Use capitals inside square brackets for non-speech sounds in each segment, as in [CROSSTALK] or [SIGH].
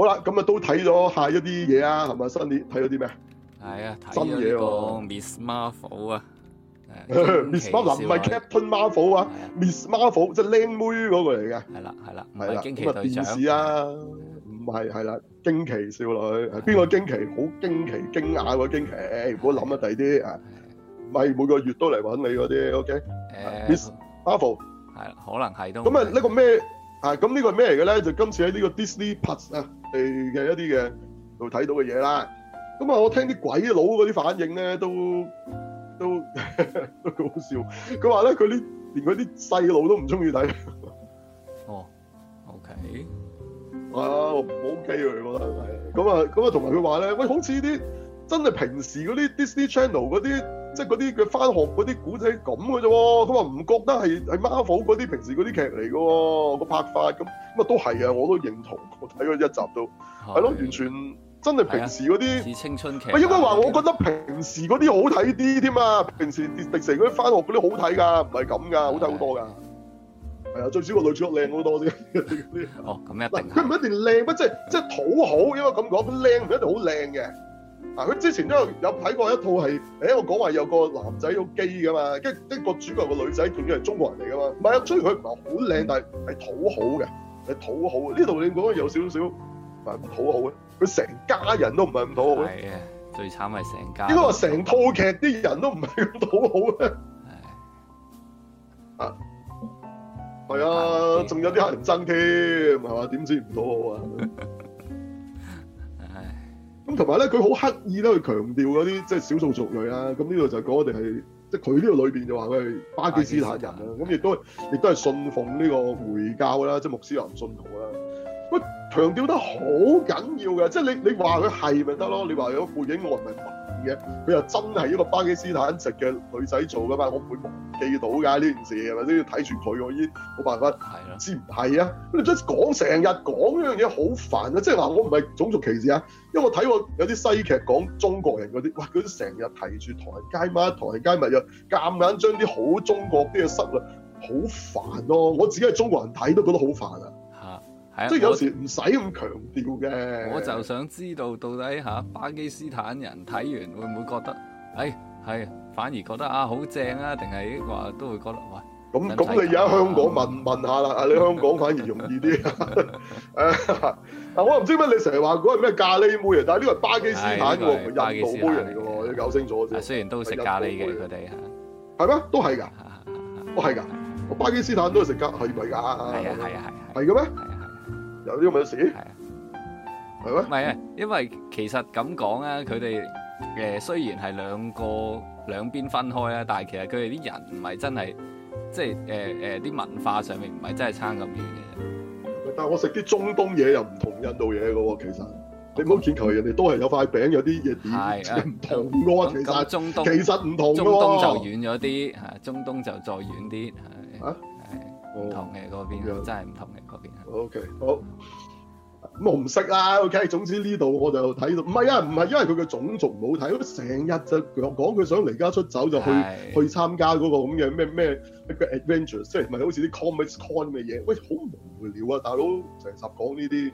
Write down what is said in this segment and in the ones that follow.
好啦，咁啊都睇咗下一啲嘢啊，係咪新年睇咗啲咩？係啊，新嘢哦，Miss Marvel 啊，Miss Marvel 唔係 Captain Marvel 啊，Miss Marvel 即係靚妹嗰個嚟嘅，係啦係啦係啦，驚奇隊長啊，係係啦，驚奇少女，係邊個驚奇？好驚奇驚訝個驚奇，唔好諗啊第二啲啊，咪、啊、每個月都嚟揾你嗰啲，OK？Miss、okay? 呃、Marvel 係、啊、可能係都咁啊，咁呢個咩啊？咁呢個咩嚟嘅咧？就今次喺呢個 Disney Plus 啊。誒嘅一啲嘅，度睇到嘅嘢啦。咁啊，我聽啲鬼佬嗰啲反應咧，都都呵呵都好笑。佢話咧，佢啲連嗰啲細路都唔中意睇。 [LAUGHS] 哦，OK，啊，唔 OK 啊，我，OK，我覺得係。咁啊，咁啊，同埋佢話咧，喂，好似啲真係平時嗰啲 Disney Channel 嗰啲。即係嗰啲佢翻學嗰啲古仔咁嘅啫喎，佢話唔覺得係係 Marvel 嗰啲平時嗰啲劇嚟嘅喎，個拍法咁咁啊都係啊，我都認同，我睇過一集都係咯，完全真係平時嗰啲青春劇，啊。應該話我覺得平時嗰啲好睇啲添啊，平時迪士尼嗰啲翻學嗰啲好睇㗎，唔係咁㗎，好睇好多㗎。係啊，最少個女主角靚好多啲。 [LAUGHS] 哦，咁一定係。佢唔一定靚乜，即係即係討好，因為咁講，佢靚唔一定好靚嘅。嗱、啊，佢之前都有有睇過一套係，誒、欸，我講話有個男仔好 g a 噶嘛，跟，呢個主角個女仔仲要係中國人嚟噶嘛，唔係啊，雖然佢唔係好靚，但係係討好嘅，係討好的。呢套你得有少少唔係咁討好嘅，佢成家人都唔係咁討好嘅。係最慘係成家。點解話成套劇啲人都唔係咁討好咧？啊，係啊，仲有啲黑人憎添，係嘛？點知唔討好啊？ [LAUGHS] 咁同埋咧，佢好刻意咧去強調嗰啲即係少數族裔啦。咁呢度就講我哋係即係佢呢度裏邊就話佢係巴基斯坦人啦。咁亦都亦都係信奉呢個回教啦，即係穆斯林信徒啦。咁強調得好緊要嘅，即係你你話佢係咪得咯？你話有我女活埋。嘅，佢又真係一個巴基斯坦籍嘅女仔做噶嘛，我唔會記到㗎呢件事係咪先？要睇住佢，我已經冇辦法，唔知唔係啊？你真係講成日講呢樣嘢，好煩啊！即係話我唔係種族歧視啊，因為我睇過有啲西劇講中國人嗰啲，哇！佢都成日提住唐人街嘛。唐人街咪又夾硬將啲好中國啲嘢塞落，好煩咯、啊！我自己係中國人睇都覺得好煩啊！即係有時唔使咁強調嘅。我就想知道到底吓巴基斯坦人睇完會唔會覺得，誒、哎，係反而覺得啊好正啊？定係話都會覺得，哇，咁咁你而家香港問問下啦，啊，你香港反而容易啲。誒、 [LAUGHS] 啊，但係我唔知乜你成日話嗰個咩咖喱妹啊，但係呢個係巴基斯坦嘅、這個、印度妹嚟嘅喎，你搞清楚先。雖然都食咖喱嘅佢哋吓，係咩？都係噶，都係噶，巴基斯坦都係食咖喱味噶，係啊係啊係，係嘅咩？你有冇食啲，係啊，係啊，唔係啊，因為其實咁講啊，佢哋誒雖然係兩個兩邊分開啊，但係其實佢哋啲人唔係真係即係啲、呃、文化上面唔係真係差咁遠嘅。但我食啲中東嘢又唔同印度嘢喎，其實、嗯、你唔好見佢人哋都係有塊餅，有啲嘢，點唔同嘅，其實的、嗯、其實唔、嗯、同中東就遠咗啲，係中東就再遠啲，係係唔同嘅嗰邊，嗯、真係唔同嘅嗰邊。OK，好，我唔識啦。OK，總之呢度我就睇到，唔係啊，唔係因為佢嘅種族唔好睇，成日就講佢想離家出走就去去參加嗰個咁嘅咩咩。adventure 即係唔係好似啲 comic con 嘅嘢？喂，好無聊啊！大佬成集講呢啲，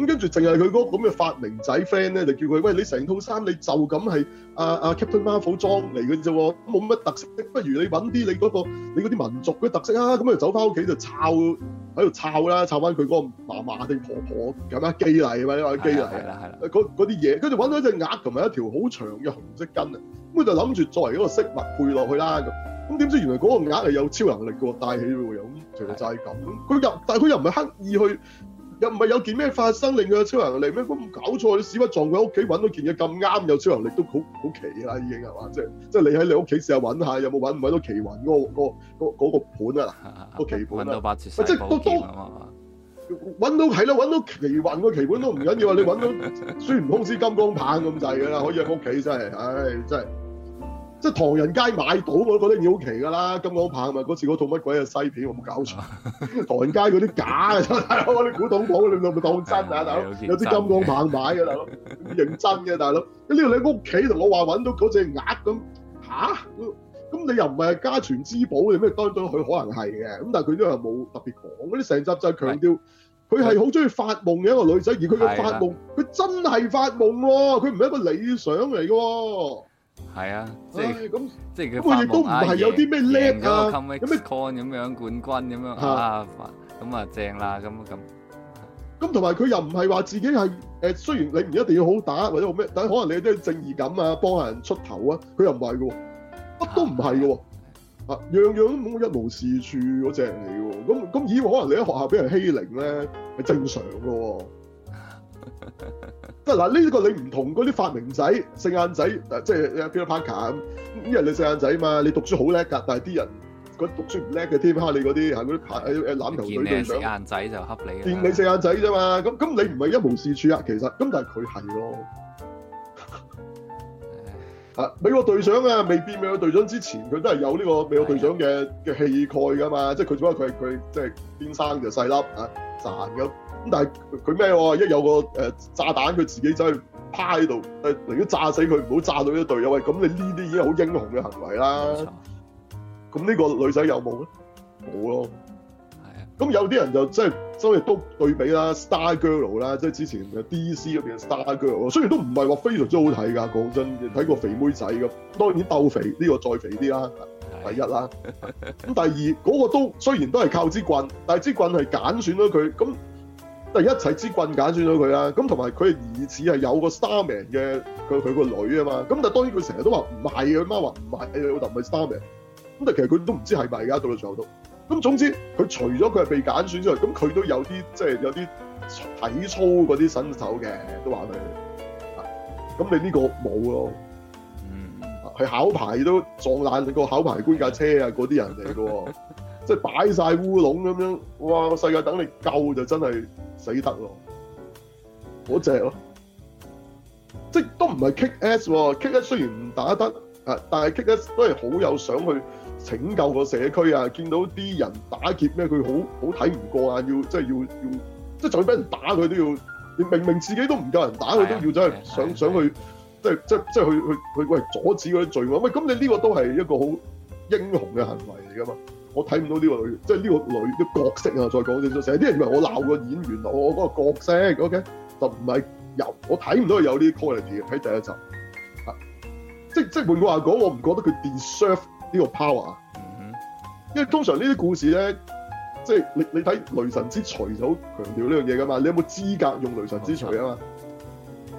咁跟住淨係佢嗰個咁嘅發明仔 friend 咧，就叫佢：喂，你成套衫你就咁係阿阿 Captain Marvel 裝嚟嘅啫喎，冇乜特色。不如你揾啲你嗰、嗰個你啲民族嘅特色啊，咁咪走翻屋企就抄喺度抄啦，抄翻佢嗰個嫲嫲定婆婆咁啊，機嚟啊嘛，你話機嚟？係啦係啦，嗰啲嘢，跟住揾到一隻鴨同埋一條好長嘅紅色筋啊！咁佢就諗住作為一個飾物配落去啦咁。咁點知原來嗰個額係有超能力嘅喎，帶起喎又咁，其實就係咁。佢又但係佢又唔係刻意去，又唔係有件咩發生令佢有超能力咩？咁搞錯，你屎忽撞佢屋企揾到件嘢咁啱有超能力都好好奇啦，已經係嘛？即係即係你喺你屋企試下揾下，有冇揾唔揾到奇雲嗰個嗰個嗰個盤啊？個奇盤啊！即係都都揾到係啦，揾、就是、到，到奇雲個奇盤都唔緊要啊！你揾到 [LAUGHS] 雖然好似金剛棒咁滯嘅啦，可以喺屋企真係，唉、哎、真係。即係唐人街買到，我都覺得已好奇㗎啦，金剛棒咪嗰次嗰套乜鬼嘢西片，我冇搞錯。 [LAUGHS] 唐人街嗰啲假嘅，大佬嗰啲古董講你啲咪當真啊，大佬有啲金剛棒買嘅，大佬認真嘅，大佬。咁呢度，你屋企同我話揾到嗰隻鴨咁吓？咁、啊、你又唔係家傳之寶你咩？當然佢可能係嘅，咁但係佢都又冇特別講。嗰啲成集就強調，佢係好中意發夢嘅一個女仔，而佢嘅發夢，佢真係發夢喎，佢唔係一個理想嚟嘅喎。係啊，即係即係佢亦都唔係，有啲咩叻贏咗個 coming con 咁樣冠軍咁樣啊，咁啊正啦咁咁。咁同埋佢又唔係話自己係誒，雖然你唔一定要好打或者好咩，但可能你都有正義感啊，幫人出頭啊，佢又唔係噶，乜都唔係噶，啊樣樣都一無是處嗰隻嚟噶。咁咁，咦？可能你喺學校俾人欺凌咧，係正常噶喎。 [LAUGHS] 嗱，呢個你唔同嗰啲發明仔、四眼仔，嗱、啊、即係 Peter Parker 咁，因為你四眼仔嘛，你讀書好叻㗎，但係啲人覺得讀書唔叻嘅添，下、啊、你嗰啲係嗰啲誒誒欖球隊隊長。見你四眼仔就蝦你。見你四眼仔啫嘛，咁咁你唔係一無是處啊，其實，咁但係佢係咯。 [LAUGHS] 啊，美國隊長啊，未變美國隊長之前，佢都係有呢個美國隊長嘅嘅氣概㗎嘛，即係佢只不過佢佢即係天生就細粒啊賺咁。賺咁但係佢咩喎？一有個誒炸彈，佢自己走去趴喺度。誒，寧願炸死佢，唔好炸到啲隊友。喂，咁你呢啲已經好英雄嘅行為啦。咁呢個女仔有冇咧？冇咯。係啊。咁有啲人就即係，周、就、以、是、都對比啦，Star Girl 啦，即係之前誒 DC 嗰邊嘅 Star Girl。雖然都唔係話非常之好睇㗎，講真，睇過肥妹仔咁。當然鬥肥呢、呢個再肥啲啦，第一啦。咁 [LAUGHS] 第二嗰、嗰個都雖然都係靠支棍，但係支棍係揀選咗佢咁。但係一齊支棍揀選咗佢啦，咁同埋佢疑似係有個 Starman 嘅佢佢個女啊嘛，咁但係當然佢成日都話唔係，佢媽話唔係，佢老豆唔係 Starman，咁但其實佢都唔知係咪而家到到最後都。咁總之佢除咗佢係被揀選，選之外，咁佢都有啲即係有啲體操嗰啲新手嘅都話佢，咁你呢個冇咯，佢、嗯、考牌都撞爛你個考牌官架車啊嗰啲人嚟㗎喎。 [LAUGHS] 即係擺晒烏龍咁樣，哇！個世界等你救就真係死得咯，好正咯，即係都唔係 kick ass 喎。kick ass 雖然唔打得啊，但係 kick ass 都係好有想去拯救個社區啊。見到啲人打劫咧，佢好好睇唔過啊要、就係要，要即係要要即係就俾人打佢都要，明明自己都唔夠人打佢都要，真係想想去即係即係即係去去去喂阻止嗰啲罪惡。喂，咁你呢個都係一個好英雄嘅行為嚟㗎嘛？我睇唔到呢個女，即係呢個女嘅、這個、角色啊！再講少少，成日啲人以為我鬧個演員，我嗰個角色，OK？就唔係有，我睇唔到佢有呢個 quality 喺第一集。即即係換句話講，我唔覺得佢 deserve 呢個 power，Mm-hmm. 因為通常呢啲故事咧，即係你你睇雷神之錘就好強調呢樣嘢㗎嘛，你有冇資格用雷神之錘啊嘛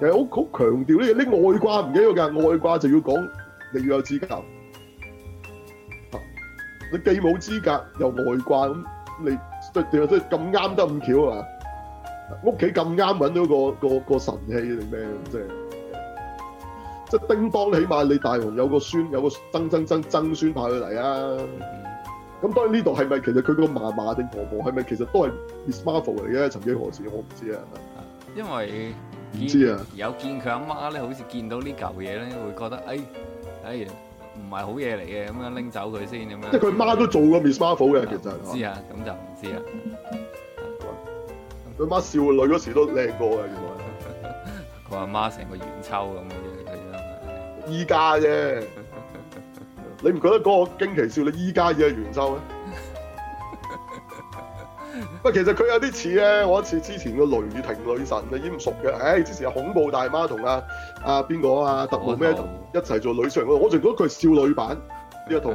？Mm-hmm. 其實好好強調呢嘢，啲外掛唔記得㗎，外掛就要講你要有資格。你既冇資格又外掛，咁你即係即係咁啱得咁巧啊！屋企咁啱揾到個個個神器定咩，即係，即係叮當起碼你大雄有個孫，有個曾曾曾曾孫派佢嚟啊！咁當然呢度係咪其實佢個嫲嫲定婆婆係咪其實都係 Ms. Marvel 嚟嘅？曾幾何時我唔知啊！因為唔知啊，有見佢阿媽咧，好似見到呢嚿嘢咧，會覺得哎誒。哎唔係好嘢嚟嘅，咁樣拎走佢先咁樣。即係佢媽都做過 Miss Marvel 嘅，其實。知、嗯、啊，咁就唔知啦。佢、嗯嗯嗯嗯嗯、媽少女嗰時都靚過嘅，原來？佢 [LAUGHS] 阿媽成個元秋咁嘅樣的。依家啫， [LAUGHS] 你唔覺得嗰個驚奇少女依家已係元秋？咩？唔其實佢有啲似咧，我一似之前個雷霆女神啊，你已經唔熟嘅。唉、哎，之前啊恐怖大媽同啊。啊邊個啊？特務咩一齊做女上司？我仲覺得佢係少女版呢一套，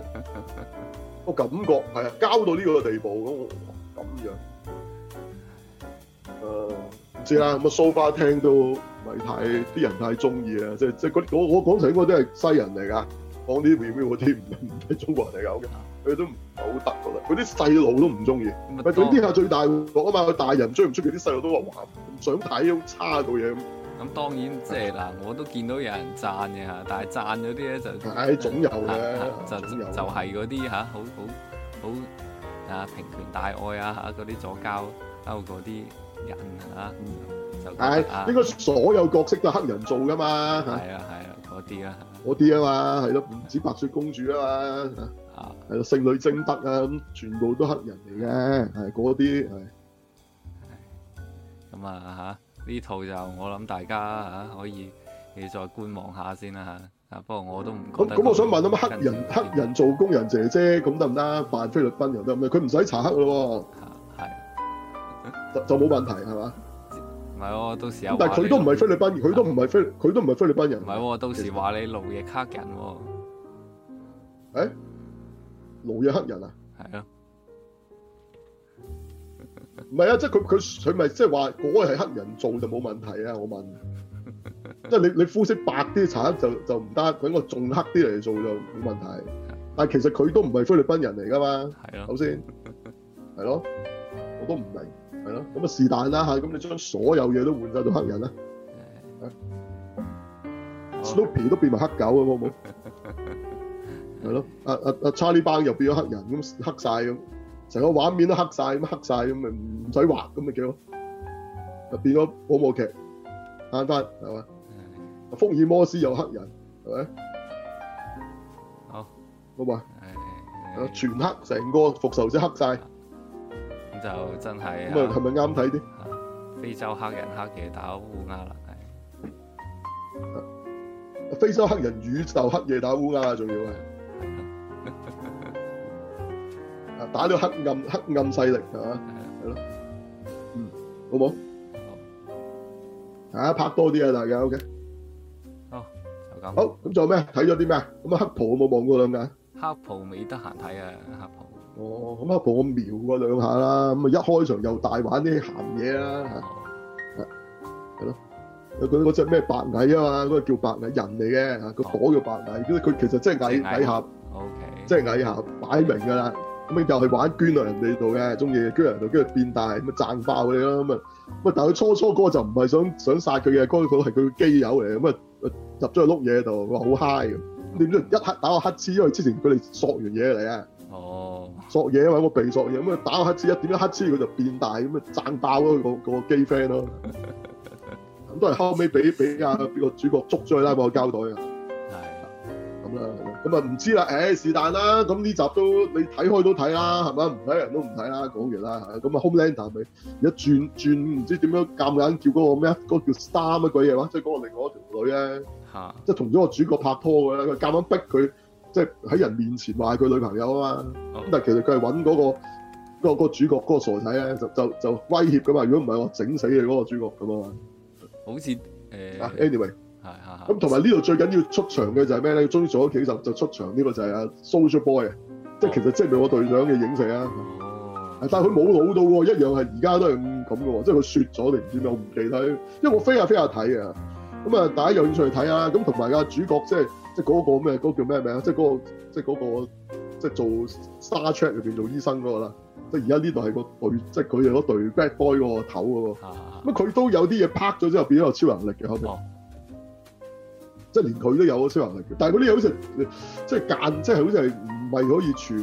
[LAUGHS] 個感覺係啊，交到呢個地步咁、呃嗯嗯嗯嗯 so，我咁樣誒唔知啦。咁啊，so far 聽都唔係太啲人太中意啊。即係即係嗰啲嗰我講成個都係西人嚟噶，講啲片嗰啲唔係中國人嚟搞嘅，佢都唔係好得㗎啦。嗰啲細路都唔中意，咪總之啊，最大個啊嘛，個大人追唔出佢啲細路都話：哇，唔想睇咁差到嘢。咁當然即係嗱，我都見到有人讚嘅嚇，但係讚嗰啲咧就，誒總有嘅，就有就係嗰啲嚇，好好好啊，平權大愛啊嚇，嗰啲左膠啊嗰啲人啊嚇，誒、就係、應該所有角色都黑人做噶嘛，係啊係啊嗰啲啊，嗰啲啊嘛係咯，唔止白雪公主啊嘛，啊係咯聖女貞德啊咁，全部都黑人嚟嘅係嗰啲係，咁啊吓。呢套就我諗大家吓可以，你再觀望下先啦吓。啊，不過我都唔覺得。咁我想問咁黑人黑人做工人姐姐，咁得唔得？扮菲律賓人得唔得？佢唔使查黑嘅咯。係，就冇問題係嘛？唔係喎，到時。咁但佢都唔係菲律賓，佢都唔係菲，佢都唔係菲律賓人。唔係到時話你勞役黑人喎。誒，勞役黑人啊？係、欸、啊。唔係啊，即係佢佢佢咪即係話嗰係黑人做就冇問題啊！我問，即 [LAUGHS] 係你你膚色白啲，查就就唔得；揾個仲黑啲嚟做就冇問題。但係其實佢都唔係菲律賓人嚟噶嘛，頭先係咯，我都唔明係咯。咁啊是但啦，嚇，咁你將所有嘢都換晒做黑人啦 [LAUGHS] ，Snoopy 都變埋黑狗了好唔好？ [LAUGHS] 啊，好、啊、冇？好？係咯，阿阿阿 Charlie 包又變咗黑人咁黑晒。咁。成個畫面都黑曬咁，黑曬咁咪唔使畫咁咪幾好，就變咗恐怖劇，翻翻係嘛？《福爾摩斯》有黑人係咪？好，好嘛？係啊，全黑成個復仇者黑曬，咁就真係唔係係咪啱睇啲？非洲黑人黑夜打烏鴉啦，係。非洲黑人宇宙黑夜打烏鴉啊，仲要係。打到黑暗黑暗勢力係嘛？係咯，嗯好冇家、啊、拍多啲啊，大家 O、OK、K 好就咁好咁，仲有咩睇咗啲咩咁啊？黑袍有冇望過兩眼？黑袍未得閒睇啊，黑袍哦咁黑袍我瞄過兩下啦，咁啊一開場又大玩啲鹹嘢啦，係係咯，有嗰嗰隻咩白蟻啊嘛，嗰、那個叫白蟻人嚟嘅嚇，個火叫白蟻，佢其實即係蟻蟻俠，OK，即係蟻俠擺明㗎啦。嗯咁又係玩捐落人哋度嘅，中意捐人度，跟住變大，咁啊賺爆你啦咁啊！咁啊，但係佢初初哥就唔係想想殺佢嘅，哥佢係佢嘅基友嚟，咁啊入咗去碌嘢度，我好嗨。你唔知一黑打個黑痴，因為之前佢哋索完嘢嚟啊，索嘢啊嘛，我鼻索嘢，咁啊打個黑痴，一點一黑痴佢就變大，咁、那個那個、 [LAUGHS] 啊賺爆咯個個基 friend 咯，咁都係後尾俾俾阿邊個主角捉咗去拉布膠袋啊！咁、嗯、啊，唔、嗯、知啦，誒是但啦，咁呢集都你睇開都睇啦，係咪？唔睇人都唔睇啦，講完啦。咁啊，Homelander 咪一轉轉唔知點樣夾硬叫嗰個咩啊，嗰、嗰個、叫 Star 乜鬼嘢話，即係嗰個另外一條女咧，即係同咗個主角拍拖嘅咧，佢夾硬逼佢即係喺人面前話係佢女朋友啊嘛。咁、哦、但係其實佢係揾嗰個、嗰個嗰個主角嗰、嗰個傻仔咧，就就就威脅噶嘛。如果唔係我整死佢嗰個主角咁啊嘛。好似誒、呃。啊，Anyway。係咁，同埋呢度最緊要出場嘅就係咩咧？終於做咗幾集就出場，呢、這個就係阿 Soldier Boy 啊、哦！即係其實即係咪美國隊長嘅影射啊、哦？但係佢冇老到喎，一樣係而家都係咁咁嘅喎，即係佢雪咗定唔知咩？我唔記得，因為我飛下飛下睇啊。咁啊，大家有興趣睇啊！咁同埋啊，主角即係即係嗰個咩？嗰、那個叫咩名啊？即係嗰個即係嗰個即係、就是、做 Star Trek 入邊做醫生嗰、就是、個啦。即係而家呢度係個隊，即係佢哋嗰隊 Bad Boy 頭、那個頭噶喎。咁、哦、佢、那個、都有啲嘢拍咗之後變咗有超能力嘅，後、哦、邊。即係連佢都有嗰消合力但係嗰啲嘢好似即係間，即係好似係唔係可以全，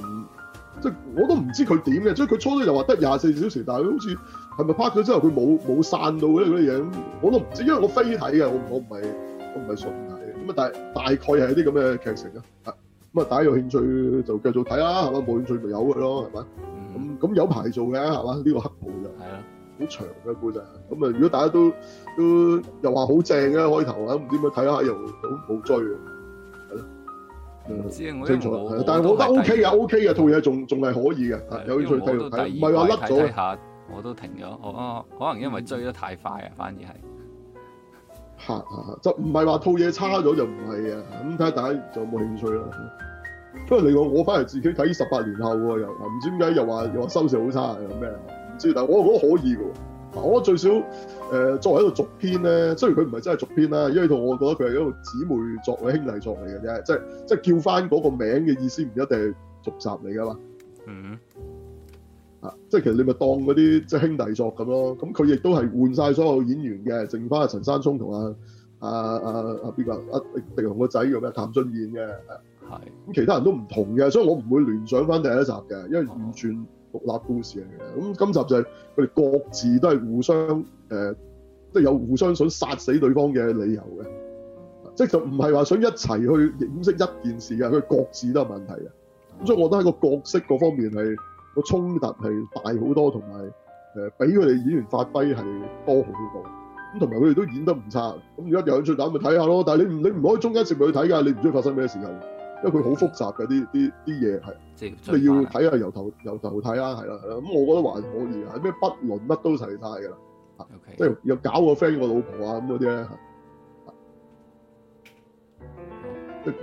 即係我都唔知佢點嘅。所以佢初初就話得廿四小時，但係佢好似係咪拍咗之後佢冇冇散到嘅？啲嗰啲嘢，我都唔知，因為我飛睇嘅，我我唔係唔係順睇。咁啊，大大概係啲咁嘅劇情啊，咁啊大家有興趣就繼續睇啦，係嘛？冇興趣咪有嘅咯，係咪？咁、嗯、咁有排做嘅係嘛？呢、呢個黑袍就係啦。好長嘅本啊，咁啊，如果大家都都又話好正啊開頭啊，唔知點睇下又好冇追嘅，係咯，清楚，但係我覺得 OK 啊 OK 啊套嘢仲仲係可以嘅，有興趣繼續睇，唔係話甩咗啊，我都停咗，可能因為追得太快啊，反而係吓吓吓，就唔係話套嘢差咗就唔係啊，咁睇下大家有冇興趣啦。不過你講，我翻嚟自己睇十八年後又唔知點解又話又話收視好差又咩？但我又覺得可以嘅。嗱，我最少誒、呃、作為一個續篇咧，雖然佢唔係真係續篇啦，因為同我覺得佢係一個姊妹作嘅兄弟作嚟嘅啫，即係即係叫翻嗰個名嘅意思唔一定係續集嚟噶嘛。嗯、mm -hmm.。啊，即係其實你咪當嗰啲即係兄弟作咁咯。咁佢亦都係換晒所有演員嘅，剩翻陳山聰同啊啊啊邊個阿狄龍個仔叫咩譚俊彥嘅？係。咁其他人都唔同嘅，所以我唔會聯想翻第一集嘅，因為完全。Mm -hmm. 立故事嚟嘅，咁今集就係佢哋各自都係互相誒，即、呃、係有互相想殺死對方嘅理由嘅，即係就唔係話想一齊去認識一件事嘅，佢各自都有問題嘅，咁所以我覺得喺個角色嗰方面係、個衝突係大好多，同埋誒俾佢哋演員發揮係多好多。咁同埋佢哋都演得唔差。咁而家有興趣睇咪睇下咯。但係你唔你唔可以中間接咪去睇㗎，你唔知發生咩時候。因為佢好複雜嘅啲啲啲嘢係，你要睇下由頭由頭睇啦，係啦係啦。咁我覺得還可以啊，咩不倫乜都齊晒㗎啦，okay. 即係又搞個 friend 個老婆啊咁嗰啲咧，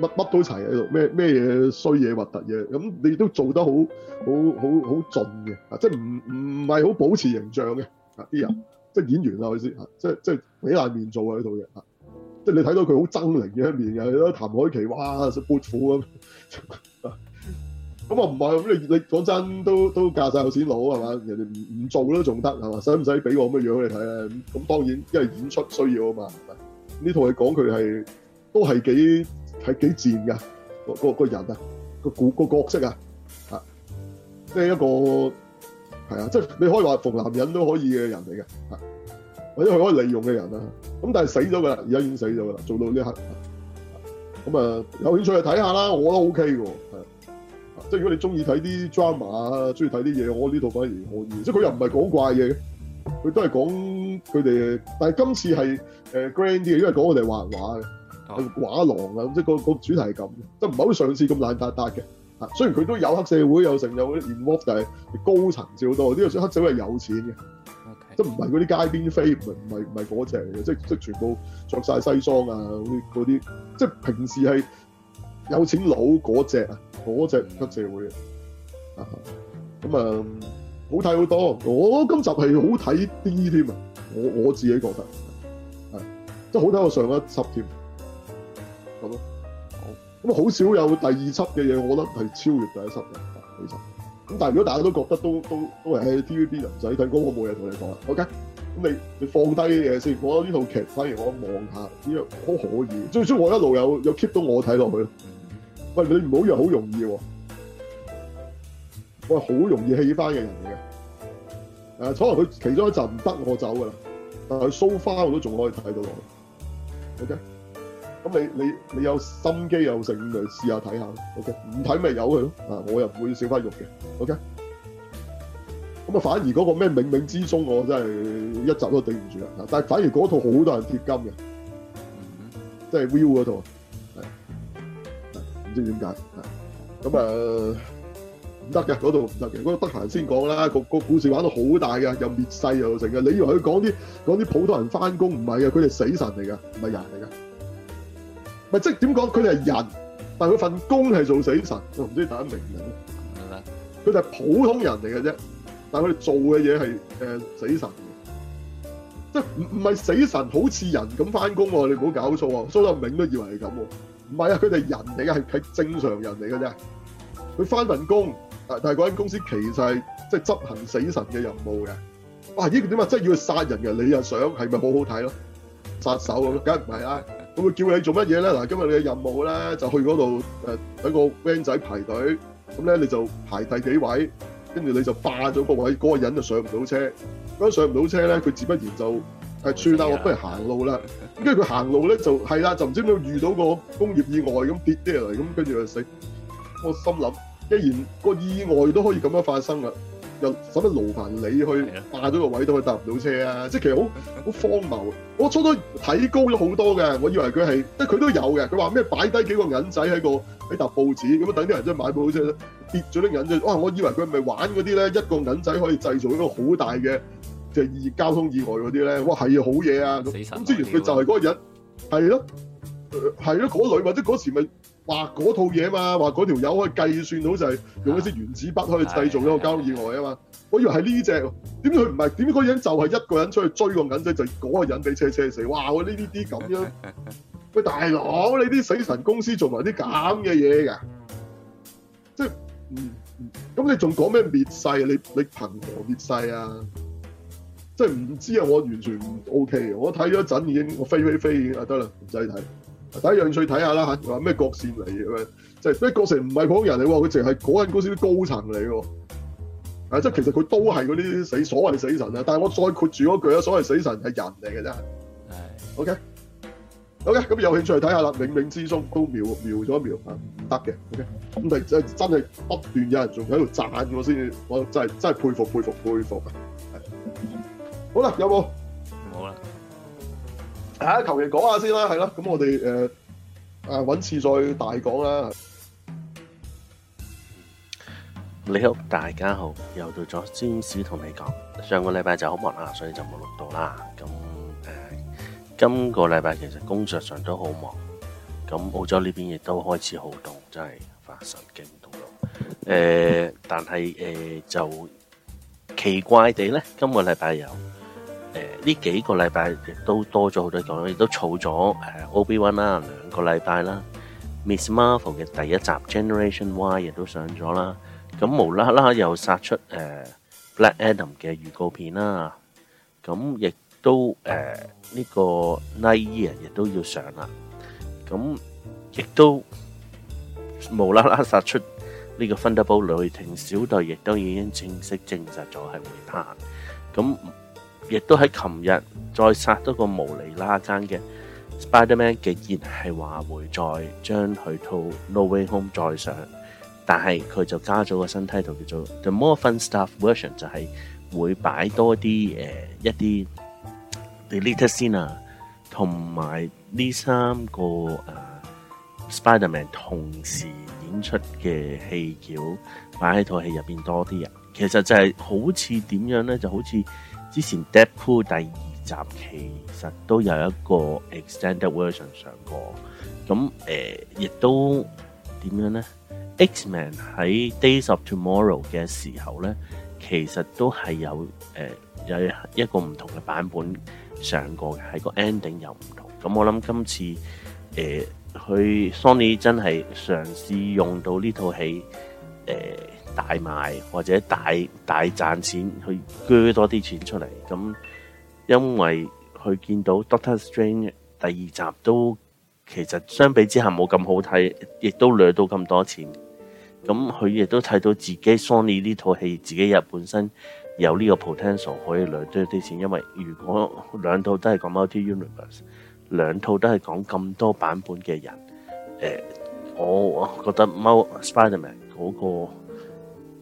乜乜都齊喺度，咩咩嘢衰嘢核突嘢，咁你都做得好好好好盡嘅，啊，即係唔唔係好保持形象嘅啊啲人，嗯、即係演員啊，我哋先，即係即係畀爛面做啊呢套嘢。即係你睇到佢好猙獰嘅一面，又係咯，譚凱琪哇，食薄褲咁，咁啊唔係咁你你講真的都都嫁晒有錢佬係嘛？人哋唔唔做都仲得係嘛？使唔使俾我咁嘅樣你睇咧？咁當然因為演出需要啊嘛。呢套戲講佢係都係幾係幾賤㗎，個個人啊嗰、嗰個故、嗰個角色啊，啊，即係一個係啊，即係你可以話逢男人都可以嘅人嚟嘅。啊或者佢可以利用嘅人啊，咁但係死咗噶啦，而家已經死咗噶啦，做到呢一刻。咁啊，有興趣去睇下啦，我都 OK 嘅，係。即係如果你中意睇啲 drama 啊，中意睇啲嘢，我呢套反而可以，即係佢又唔係講怪嘢嘅，佢都係講佢哋。但係今次係誒 grand 啲嘅，因為講我哋畫畫嘅，畫廊啊，即係個個主題係咁嘅，即係唔係好似上次咁爛搭搭嘅。雖然佢都有黑社會有成，有啲 involve 但係高層照多，呢個黑社會係有錢嘅。即唔係嗰啲街邊飛，唔係唔係唔係嗰隻嚟嘅，即即全部着晒西裝啊，嗰啲啲，即平時係有錢佬嗰隻啊，嗰隻唔出社會啊，咁、嗯、啊好睇好多，我今集係好睇啲添啊，我我自己覺得係，即好睇我上一輯添，咁咯，好，咁啊好少有第二輯嘅嘢，我覺得係超越第一輯嘅，其實。但如果大家都覺得都都都係 TVB 人就唔使睇，咁我冇嘢同你講啦，OK？咁你你放低嘢先，我呢套劇反而我望下，因為好可以，最終我一路有有 keep 到我睇落去。喂，你唔好以為好容易喎，喂，好容易棄翻嘅人嚟嘅。可能佢其中一集唔得，我走噶啦，但係 so far 我都仲可以睇到落，OK？咁你，你，你有心機有成，咪試下睇下，O K，唔睇咪有佢。我又唔會少翻肉嘅。O K，咁反而嗰個咩冥冥之中，我真係一集都頂唔住啦。但係反而嗰套好多人貼金嘅，嗯，即係 Will 嗰套，唔知點解。咁咪唔得嘅嗰套唔得嘅，嗰個得閒先講啦。個、呃、個故事玩到好大嘅又滅世又成嘅，你以為佢講啲普通人返工唔係嘅，佢哋死神嚟嘅，唔係人嚟嘅。即係點講？佢哋係人，但係佢份工係做死神。我唔知大家明唔明？佢哋係普通人嚟嘅啫，但係佢哋做嘅嘢係誒死神，即係唔唔係死神，好似人咁翻工喎。你唔好搞錯啊！蘇德銘都以為係咁，唔係啊？佢哋人嚟嘅，係係正常人嚟嘅啫。佢翻份工，但係嗰間公司其實係即係執行死神嘅任務嘅。哇！呢個點啊？即係要去殺人嘅，你又想係咪好好睇咯？殺手啊，梗係唔係啦。佢會叫你做乜嘢咧？嗱，今日你嘅任務咧就去嗰度誒睇個 van 仔排隊，咁咧你就排第幾位，跟住你就霸咗個位，嗰個人就上唔到車，咁上唔到車咧佢自不然就係算啦，我不如行路啦。咁跟住佢行路咧就係啦，就唔知點樣遇到個工業意外咁跌啲嚟，咁跟住就死。我心諗，既然個意外都可以咁樣發生啦。又使乜勞煩你去霸咗個位，都去搭唔到車啊！即係其實好好荒謬。我初初睇高咗好多嘅，我以為佢係，即係佢都有嘅。佢話咩擺低幾個銀仔喺個喺沓報紙，咁樣等啲人真係買報紙咧跌咗啲銀啫。哇！我以為佢係咪玩嗰啲咧，一個銀仔可以製造一個好大嘅即係交通意外嗰啲咧？哇！係啊，好嘢啊！咁之前佢就係嗰個人，係咯，係咯嗰類或者嗰時咪、就是。話嗰套嘢嘛，話嗰條友可以計算到就係用一支原子筆去製造一個交通意外啊嘛！我以為係呢隻，點解佢唔係？點解人就係一個人出去追個銀仔，就嗰、是、個人俾車車死？哇！我呢啲啲咁樣，喂，大佬，你啲死神公司做埋啲咁嘅嘢噶？即係，嗯咁、嗯、你仲講咩滅世啊？你你憑何滅世啊？即係唔知啊！我完全唔 O、OK、K，我睇咗一陣已經，我飛飛飛已經啊得啦，唔使睇。第一樣趣睇下啦嚇，話咩郭善嚟嘅？樣、即係，即係呢個成唔係普通人嚟喎，佢淨係嗰間公司啲高層嚟喎。啊，即係其實佢都係嗰啲死所謂嘅死神啊！但係我再括住嗰句啊，所謂死神係人嚟嘅啫。係，OK，OK，咁有興趣睇下啦。冥冥之中都瞄瞄咗一瞄，唔得嘅。OK，咁但係真係不斷有人仲喺度讚我先至。我真係真係佩服佩服佩服。好啦，有冇？吓，求其講下先啦，係啦，咁我哋誒誒，搵次再大講啦。你好，大家好，又到咗占士同你講，上個禮拜就好忙啦，所以就冇錄到啦。咁誒，今個禮拜其實工作上都好忙，咁澳洲呢邊亦都開始好凍，真係發神經凍咯。誒，但係誒就奇怪地咧，今個禮拜有。誒呢幾個禮拜亦都多咗好多講，亦都儲咗誒 Obi-Wan 啦兩個禮拜啦，Ms. Marvel 嘅第一集 Generation Y 亦都上咗啦，咁無啦啦又殺出誒、呃、Black Adam 嘅預告片啦，咁亦都誒呢個 Night 亦都要上啦，咁亦都無啦啦殺出呢個 Thunderbolts 雷霆小隊亦都已經正式證實咗係會拍，咁。亦都喺琴日再殺多個無厘啦間嘅 Spider-Man 嘅結，係話會再將佢套《No Way Home》再上，但係佢就加咗個新 title 叫做《The More Fun Stuff Version》，就係會擺多啲誒一啲 Deleted Scene 啊，同埋呢三個誒 Spider-Man 同時演出嘅戲橋擺喺套戲入邊多啲啊。其實就係好似點樣咧，就好似。之前 Deadpool 第二集其實都有一個 extended version 上過，咁誒亦都點樣呢？X-Men 喺 Days of Tomorrow 嘅時候呢，其實都係有、呃、有一個唔同嘅版本上過嘅，係個 ending 又唔同。咁我諗今次去、呃、Sony 真係嘗試用到呢套戲、呃大賣或者大大賺錢去鋸多啲錢出嚟，咁因為佢見到 Doctor Strange 第二集都其實相比之下冇咁好睇，亦都攞到咁多錢，咁佢亦都睇到自己 Sony 呢套戲自己日本身有呢個 potential 可以攞多啲錢，因為如果兩套都係講 multi universe，兩套都係講咁多版本嘅人，誒，我覺得 Multi Spiderman 嗰、嗰個。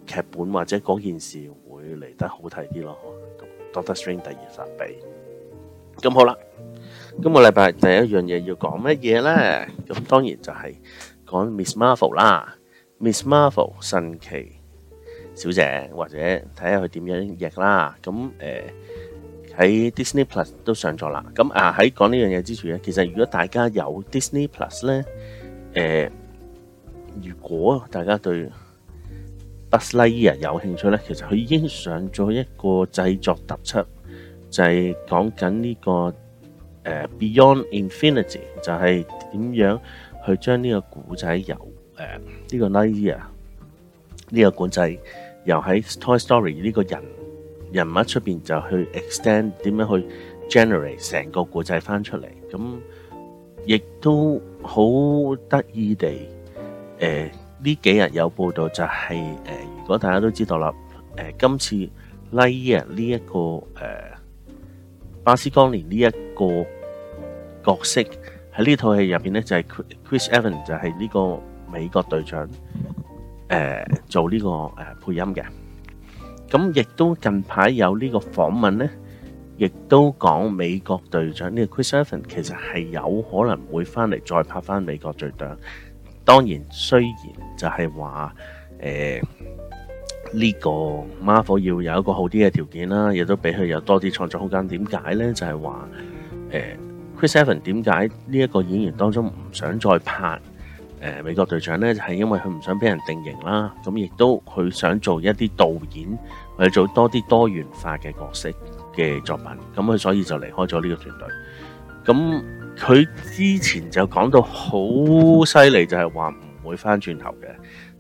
劇本或者嗰件事會嚟得好睇啲咯。Doctor Strange 第二集俾咁好啦。今個禮拜第一樣嘢要講乜嘢咧？咁當然就係講 Ms. Marvel 啦，Ms. Marvel，神奇小姐或者睇下佢點樣譯啦。咁誒，喺 Disney Plus 都上咗啦。咁啊，喺講呢樣嘢之前咧，其實如果大家有 Disney Plus 咧，誒，如果大家對不 Lightyear 有興趣咧，其實佢已經上咗一個製作特輯，就係講緊呢個誒 Beyond Infinity，就係點樣去將呢個故仔由誒呢個 Lightyear 呢個故仔，由喺 Toy Story 呢個人人物出邊就去 extend，點樣去 generate 成個故仔翻出嚟，咁亦都好得意地誒。呢幾日有報道就係誒，如果大家都知道啦，誒今次《Lightyear》呢一個誒巴斯光年呢一個角色喺呢套戲入邊咧，就係 Chris Evans 就係呢個美國隊長誒做呢個誒配音嘅。咁亦都近排有呢個訪問咧，亦都講美國隊長呢個 Chris Evans 其實係有可能會翻嚟再拍翻美國隊長。當然，雖然就係話，誒呢個 Marvel 要有一個好啲嘅條件啦，亦都俾佢有多啲創作空間。點解呢？就係話，誒 Chris Evans 點解呢一個演員當中唔想再拍誒美國隊長呢？就係因為佢唔想俾人定型啦。咁亦都佢想做一啲導演，去做多啲多元化嘅角色嘅作品。咁佢所以就離開咗呢個團隊。咁佢之前就講到好犀利，就係話唔會翻轉頭嘅。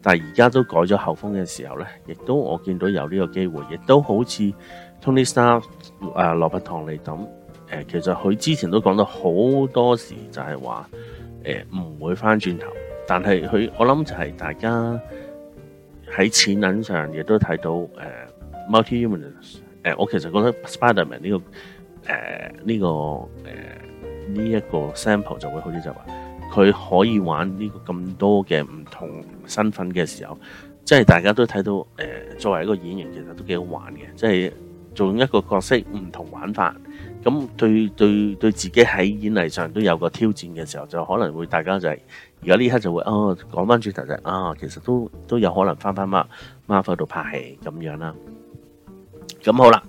但係而家都改咗口風嘅時候咧，亦都我見到有呢個機會，亦都好似 Tony Stark 啊、羅伯唐尼咁。其實佢之前都講到好多時就，就係話唔會翻轉頭。但係佢我諗就係大家喺錢銀上亦都睇到誒、呃、Multi Humaness 我其實覺得 Spiderman 呢、呢個誒呢、呃呢個誒。呃呢、這、一個 sample 就會好啲，就話佢可以玩呢個咁多嘅唔同身份嘅時候，即係大家都睇到誒、呃，作為一個演員其實都幾好玩嘅，即係做一個角色唔同玩法，咁對對對自己喺演藝上都有個挑戰嘅時候，就可能會大家就係而家呢刻就會哦，講返轉頭就啊、是哦，其實都都有可能返返 Marvel 喺度拍戲咁樣啦。咁好啦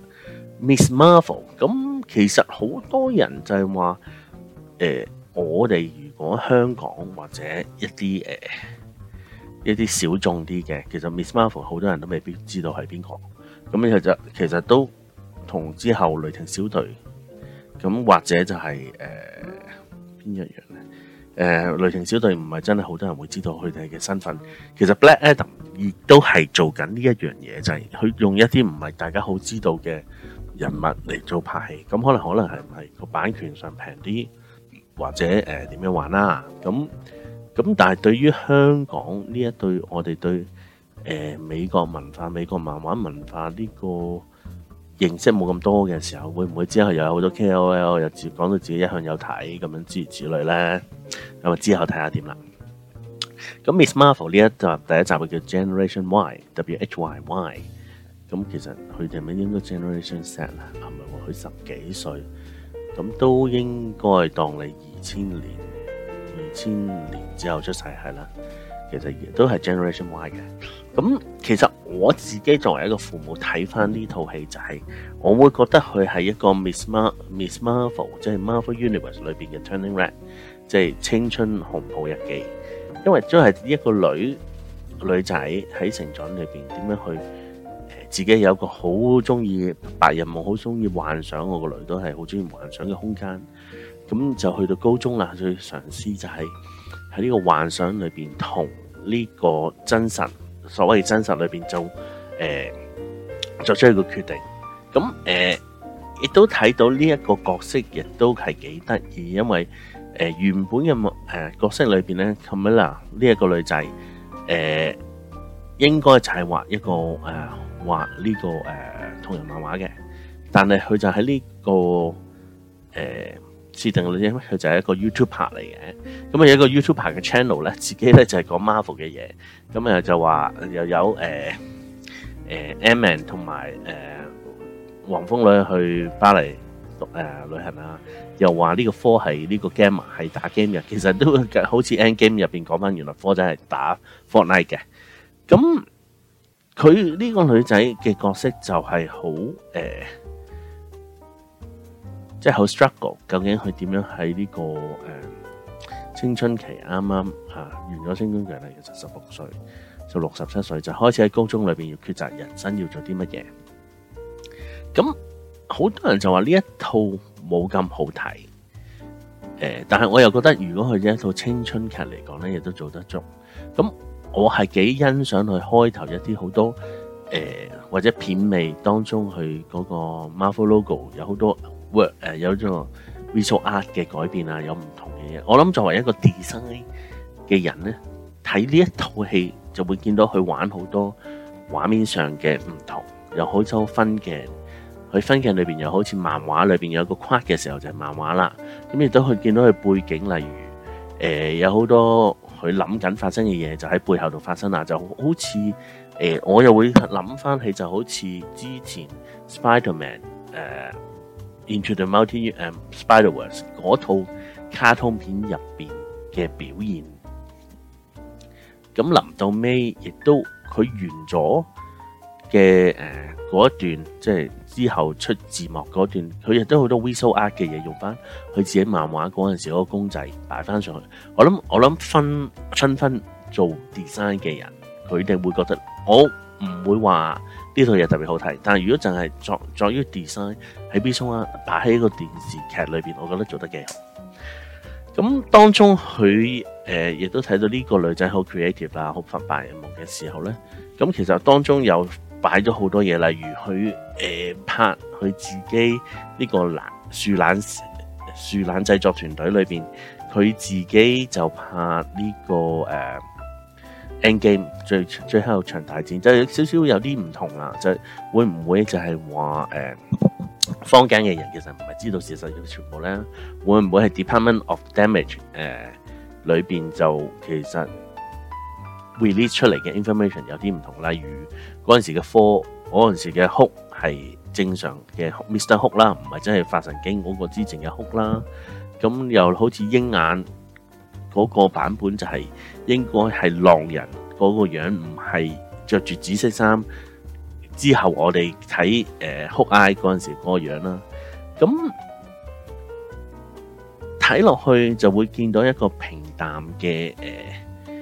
，Ms. Marvel，咁其實好多人就係話。誒，我哋如果香港或者一啲誒、呃、一啲小眾啲嘅，其實 Ms. Marvel 好多人都未必知道係邊個咁，其實其實都同之後雷霆小隊咁，或者就係誒邊一樣咧？誒、呃，雷霆小隊唔係真係好多人會知道佢哋嘅身份。其實 Black Adam 亦都係做緊呢一樣嘢，就係、是、佢用一啲唔係大家好知道嘅人物嚟做拍戲，咁可能可能係唔係個版權上平啲。或者誒點、呃、樣玩啦、啊？咁咁，那但係對於香港呢一對我哋對誒、呃、美國文化、美國漫畫文化呢個認識冇咁多嘅時候，會唔會之後又有好多 KOL 又自講到自己一向有睇咁樣諸如此類咧？咁啊之後睇下點啦。咁 Miss Marvel 呢一集第一集會叫 Generation Y，W H Y Y。咁其實佢哋咩嘢叫 Generation Z 啊？係咪話佢十幾歲？咁都應該當你。千年、二千年之後出世係啦，其實亦都係 Generation Y 嘅。咁其實我自己作為一個父母睇翻呢套戲，戲，就係我會覺得佢係一個 Ms. Marvel，即係 Marvel Universe 裏邊嘅 Turning Red，即係青春紅袍日記。因為都係一個女女仔喺成長裏邊點樣去自己有個好中意白日夢，好中意幻想我。我個女都係好中意幻想嘅空間。咁就去到高中啦，去嘗試就係喺呢個幻想裏面，同呢個真實，所謂真實裏面做誒作、欸、出一個決定。咁誒亦都睇到呢一個角色亦都係幾得意，因為誒、欸、原本嘅、呃、角色裏面咧 Kamala 呢一個女仔誒、欸、應該就係畫一個誒、呃、畫呢、這個誒、呃、同人漫畫嘅，但係佢就喺呢、這個誒。呃設定咧，佢就係一個 YouTube 拍嚟嘅，咁啊有一個 YouTube 拍嘅 channel 咧，自己咧就係、是、講 Marvel 嘅嘢，咁啊就話又有誒誒 e m m n 同埋誒黃蜂女去巴黎讀、呃呃、旅行啊。又話呢個科 o 係呢個 game r 係打 game 嘅，其實都好似 End Game 入邊講翻，原來科仔 u 係打 f o r t n i g h t 嘅，咁佢呢個女仔嘅角色就係好誒。呃即係好 struggle，究竟佢點樣喺呢個誒、嗯、青春期啱啱嚇完咗青春期咧，其實十六歲、就六十七歲就開始喺高中裏面要抉擇人生要做啲乜嘢。咁好多人就話呢一套冇咁好睇、呃，但係我又覺得如果佢一套青春劇嚟講咧，亦都做得足。咁我係幾欣賞佢開頭一啲好多誒、呃，或者片尾當中佢嗰個 Marvel logo 有好多。誒、呃、有咗 visual art 嘅改變啊，有唔同嘅嘢。我諗作為一個 design 嘅人咧，睇呢一套戲就會見到佢玩好多畫面上嘅唔同，有好多分鏡，佢分鏡裏邊又好似漫畫裏邊有個框嘅時候就係漫畫啦。咁亦都佢見到佢背景，例如誒、呃、有好多佢諗緊發生嘅嘢就喺背後度發生啦，就好似誒、呃、我又會諗翻起就好似之前 Spiderman 誒、呃。《Into the Mountain -um》Spiderverse 嗰套卡通片入邊嘅表現，咁臨到尾亦都佢完咗嘅誒一段，即係之後出字幕嗰段，佢亦都好多 visual art 嘅嘢用翻，佢自己漫畫嗰陣時嗰個公仔擺翻上去。我諗我諗分分分做 design 嘅人，佢哋會覺得我唔會話。呢套嘢特別好睇，但係如果淨係作作於 design 喺 B 中啊，擺喺個電視劇裏邊，我覺得做得幾好。咁當中佢誒亦都睇到呢個女仔好 creative 啦，好發白日夢嘅時候呢，咁其實當中有擺咗好多嘢，例如佢誒、呃、拍佢自己呢個樹懶樹懶製作團隊裏邊，佢自己就拍呢、這個誒。呃 End game 最最後場大戰就有少少有啲唔同啦，就會唔會就係話誒坊間嘅人其實唔係知道事實嘅全部咧？會唔會係 Department of Damage 誒、呃、裏面就其實 release 出嚟嘅 information 有啲唔同？例如嗰陣時嘅科，嗰陣時嘅哭係正常嘅 Mr. 哭啦，唔係真係發神經嗰個之前嘅哭啦。咁又好似鷹眼。嗰個版本就係應該係狼人嗰個樣，唔係著住紫色衫之後，我哋睇誒哭哀嗰陣時嗰個樣啦。咁睇落去就會見到一個平淡嘅誒誒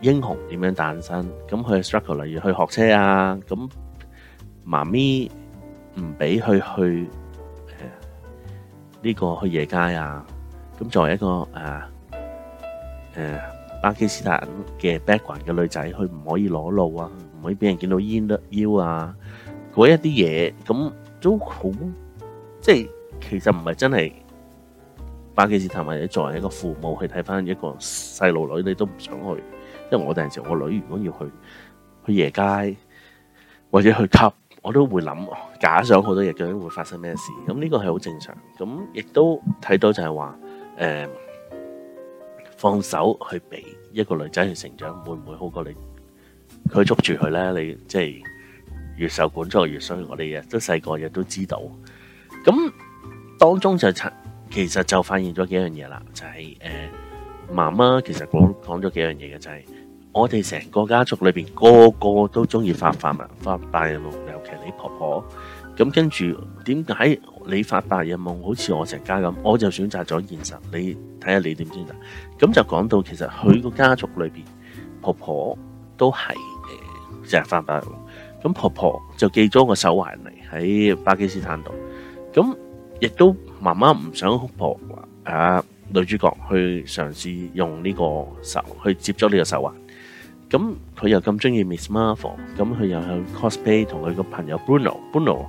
英雄點樣誕生。咁佢係 struggle，例如去學車啊，咁媽咪唔俾佢去呢個去夜街啊。咁作為一個誒。誒、呃，巴基斯坦嘅 background 嘅女仔，佢唔可以裸露啊，唔可以俾人見到腰腰啊，嗰一啲嘢，咁都好，即係其實唔係真係巴基斯坦，或者作為一個父母去睇返一個細路女，你都唔想去。因為我哋陣時，我女如果要去去夜街或者去吸，我都會諗假想好多嘢究竟會發生咩事。咁呢個係好正常，咁亦都睇到就係話，誒、呃。放手去俾一個女仔去成長，會唔會好過你？佢捉住佢咧，你即係越受管束越衰。我哋亦都細個亦都知道。咁當中就其實就發現咗幾樣嘢啦，就係誒媽媽其實講講咗幾樣嘢嘅，就係我哋成個家族裏邊個個都中意發發夢發大路，尤其你婆婆。咁跟住點解？你發白日夢，好似我成家咁，我就選擇咗現實。你睇下你點選擇？咁就講到其實佢個家族裏面，婆婆都係誒成日發白日夢。咁婆婆就寄咗個手環嚟喺巴基斯坦度。咁亦都媽媽唔想哭婆婆啊，女主角去嘗試用呢個手去接觸呢個手環。咁佢又咁中意 Miss Marvel，咁佢又 cosplay 同佢個朋友 Bruno，Bruno。Bruno,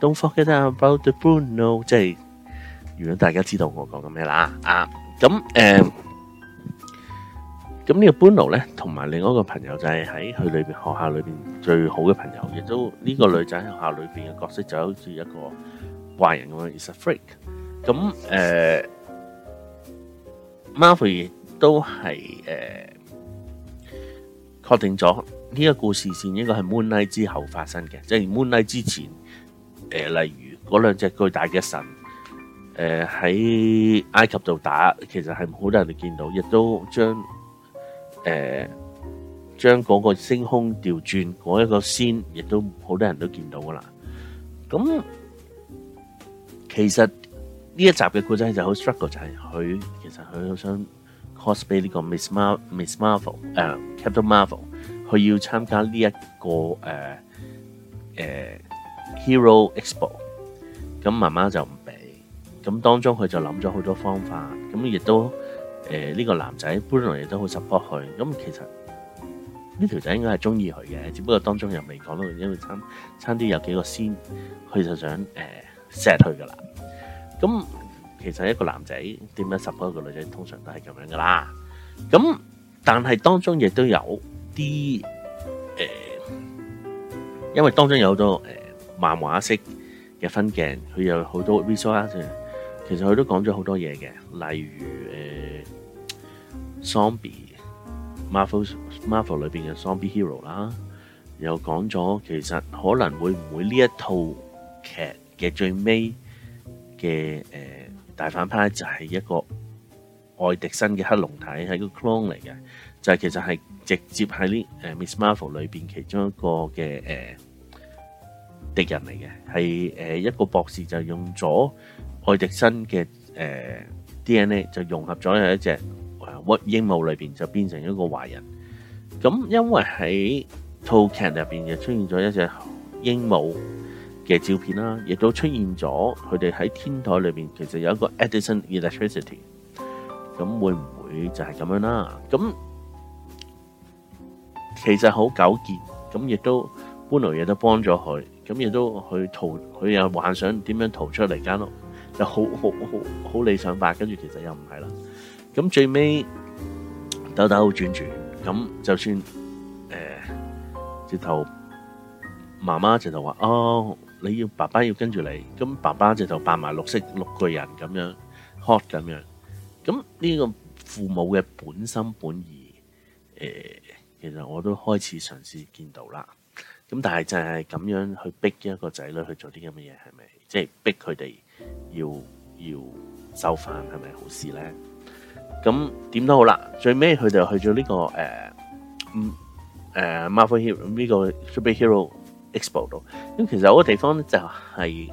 Don't forget about the Bruno，即係如果大家知道我講緊咩啦啊，咁誒，咁呢個 Bruno 咧，同埋另外一個朋友就係喺佢裏邊學校裏邊最好嘅朋友，亦都呢個女仔喺學校裏邊嘅角色就好似一個壞人咁樣，is a freak。咁誒，Marvey 亦都係誒，確定咗呢個故事線應該係 Moon Knight 之後發生嘅，即係 Moon Knight 之前。誒，例如嗰兩隻巨大嘅神，誒喺埃及度打，其實係好多人都見到，亦都將誒將嗰個星空調轉，嗰一個 scene，亦都好多人都見到㗎喇。咁其實呢一集嘅故仔就好 struggle，就係佢其實佢好想 cosplay 呢個 Miss Marvel、Miss Marvel、Captain Marvel，佢要參加呢一個誒誒，Hero Expo，咁媽媽就唔俾，咁當中佢就諗咗好多方法，咁亦都誒呢、呃呢個男仔本來都好 support 佢，咁其實呢條仔應該係中意佢嘅，只不過當中又未講到，因為差差啲有幾個先，佢就想誒錫佢噶啦。咁、呃、其實一個男仔點樣 support 一個女仔，通常都係咁樣噶啦。咁但係當中亦都有啲誒、呃，因為當中有好多誒。呃漫畫式嘅分鏡，佢有好多 resource。其實佢都講咗好多嘢嘅，例如誒 zombie、Marvel、Marvel 裏邊嘅 zombie hero 啦，又講咗其實可能會唔會呢一套劇嘅最尾嘅誒大反派就係一個愛迪生嘅黑龍體，係一個 clone 嚟嘅，就係其實係直接喺呢誒 Ms. Marvel 裏邊其中一個嘅誒敵人嚟嘅，係誒一個博士就用咗愛迪生嘅誒 DNA 就融合咗有一隻鸚鵡裏邊就變成一個壞人。咁因為喺套劇入邊就出現咗一隻鸚鵡嘅照片啦，亦都出現咗佢哋喺天台裏邊，其實有一個 Edison Electricity。咁會唔會就係咁樣啦？咁其實好糾結，咁亦都 Bruno 也都幫咗佢。咁亦都去逃，佢又幻想點樣逃出嚟間屋，又好好好好理想化，跟住其實又唔係啦。咁最尾兜兜轉轉，咁就算誒、呃，直頭媽媽直頭話哦，你要爸爸要跟住你，咁爸爸直頭扮埋綠色綠巨人咁樣 hot 咁樣，咁呢、這個父母嘅本心本意誒、呃，其實我都開始嘗試見到啦。咁但係就係咁樣去逼一個仔女去做啲咁嘅嘢，係咪？即係逼佢哋要要收飯係咪好事咧？咁點都好啦，最尾佢哋就去咗呢個誒，嗯誒，Marvel Hero 呢個 Superhero Expo 度。咁其實嗰個地方咧就係誒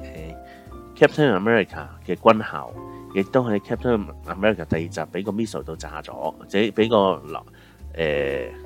Captain America 嘅軍校，亦都係 Captain America 第二集俾個 Missile 度炸咗，或者俾個流誒。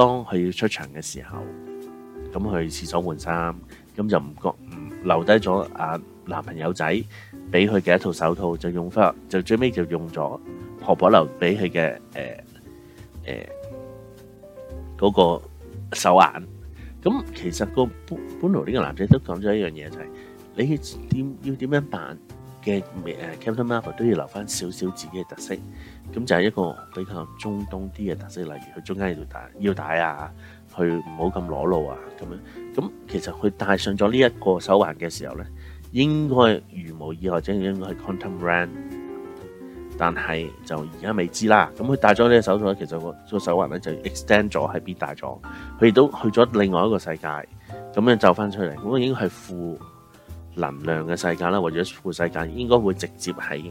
當佢要出場嘅時候，咁去廁所換衫，咁就唔覺唔留低咗啊男朋友仔俾佢嘅一套手套，就用翻，就最尾就用咗婆婆留俾佢嘅，誒誒嗰個手眼。咁其實個 Bruno 呢個男仔都講咗一樣嘢，就係你點要點樣辦嘅誒，Captain Marvel 都要留翻少少自己嘅特色。咁就係一個比較中東啲嘅特色，例如佢中間要帶腰帶啊，佢唔好咁裸露啊，咁樣。咁其實佢戴上咗呢一個手環嘅時候咧，應該如無意外，即係應該係 contemporary 但係就而家未知啦。咁佢戴咗呢個手鐲咧，其實個個手環咧就 extend 咗，係變大咗。佢亦都去咗另外一個世界，咁樣就翻出嚟。咁應該係負能量嘅世界啦，或者負世界，應該會直接喺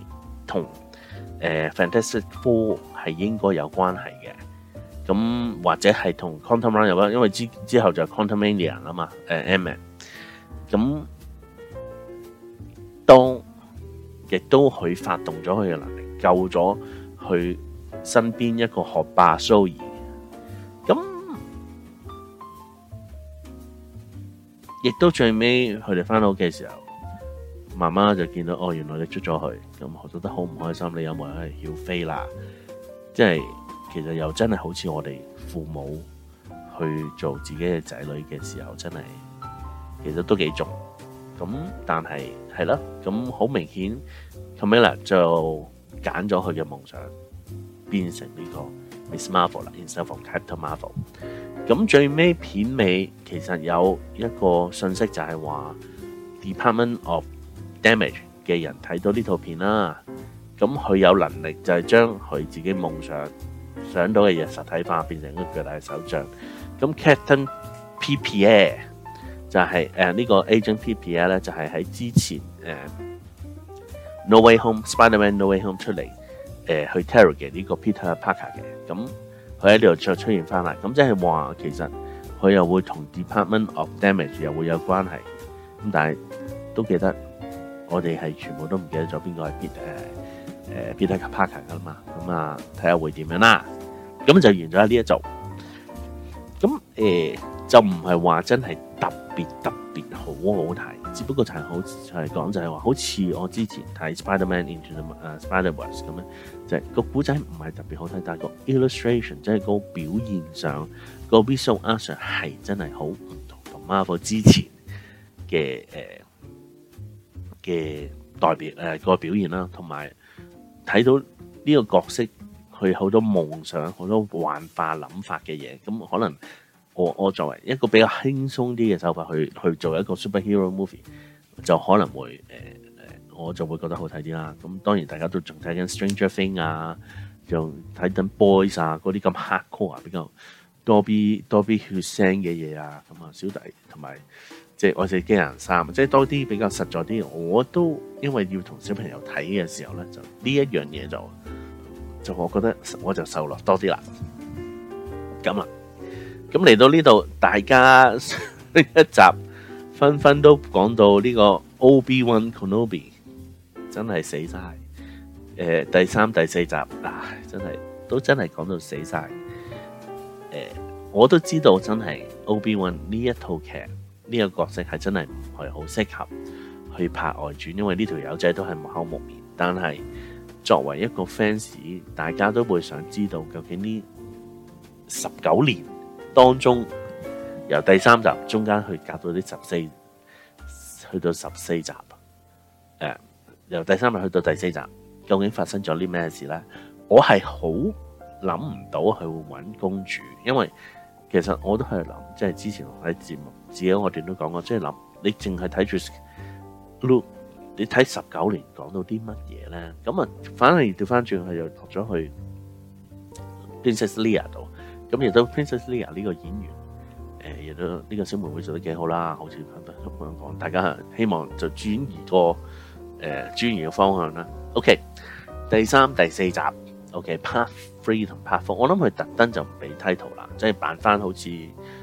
同。呃、Fantastic Four》係應該有關係嘅，咁或者係同 Quantum Run 有關，因為之之後就係 Quantumania 啦嘛。Ant-Man，咁當亦都佢發動咗佢嘅能力，救咗佢身邊一個學霸 Suri。咁亦都最尾佢哋翻到屋企嘅時候，媽媽就見到哦，原來你出咗去。咁學得好唔開心，你有冇係要飛啦？即係其實又真係好似我哋父母去做自己嘅仔女嘅時候，真係其實都幾重的。咁但係係咯，咁好明顯 Camilla 就揀咗佢嘅夢想，變成呢個 Miss Marvel 啦 instead of Captain Marvel。咁最尾片尾其實有一個信息就係話 Department of Damage。嘅人睇到呢套片啦，咁佢有能力就係將佢自己夢想想到嘅嘢實體化，變成一個巨大嘅手掌。咁 Captain PPA 就係誒，呢個 Agent PPA 咧，就係喺之前誒，No Way Home Spider-Man No Way Home 出嚟誒，去 terror 嘅呢個 Peter Parker 嘅。咁佢喺呢度再出現翻啦。咁即係話其實佢又會同 Department of Damage 又會有關係。咁但係都記得。我哋係全部都唔記得咗邊個係邊誒誒 Peter Parker 噶啦嘛，咁啊睇下會點樣啦，咁就完咗呢一組，咁誒、呃、就唔係話真係特別特別好好睇，只不過就係、是、好就係講就係話，好似我之前睇 Spider-Man Into the 誒、uh, Spider-Verse 咁咧，就係、是個古仔唔係特別好睇，但係個 illustration 即係個表現上、個 visual answer 係真係好唔同同 Marvel 之前嘅誒。呃嘅代表誒個、呃、表現啦，同埋睇到呢個角色佢好多夢想、好多幻化諗法嘅嘢，咁、嗯、可能我我作為一個比較輕鬆啲嘅手法去去做一個 superhero movie，就可能會誒誒、呃，我就會覺得好睇啲啦。咁、嗯、當然大家都仲睇緊 Stranger Things 啊，就睇緊 Boys 啊，嗰啲咁黑 hardcore 比較多啲多啲血腥嘅嘢啊，咁、嗯、啊小弟同埋。還有即係《愛，死機器人三》，即係多啲比較實在啲。我都因為要同小朋友睇嘅時候咧，就呢一樣嘢就就我覺得我就受落多啲啦。咁啊，咁嚟到呢度，大家呢一集紛紛都講到呢個 Obi-Wan Kenobi 真係死晒。誒、呃，第三、第四集，唉真係都真係講到死晒。誒、呃，我都知道真係 Obi-Wan 呢一套劇。呢、這個角色係真係唔係好適合去拍外傳，因為呢條友仔都係木口木面。但係作為一個 fans，大家都會想知道究竟呢十九年當中，由第三集中間去隔到啲十四，去到十四集、呃，由第三集去到第四集，究竟發生咗啲咩事呢？我係好諗唔到佢會搵公主，因為其實我都係諗，即係之前我喺節目。只有我哋都講過，即係諗你淨係睇住 look，你睇十九年講到啲乜嘢咧？咁啊，反而調翻轉去，又落咗去 Princess Leia 度。咁亦都 Princess Leia 呢個演員，亦、呃、都呢、這個小妹妹做得幾好啦。好似咁樣大家希望就轉移個誒、呃、轉移嘅方向啦。OK，第三第四集 OK Part Three 同 Part f o u r 我諗佢特登就唔俾 title 啦，即係扮翻好似。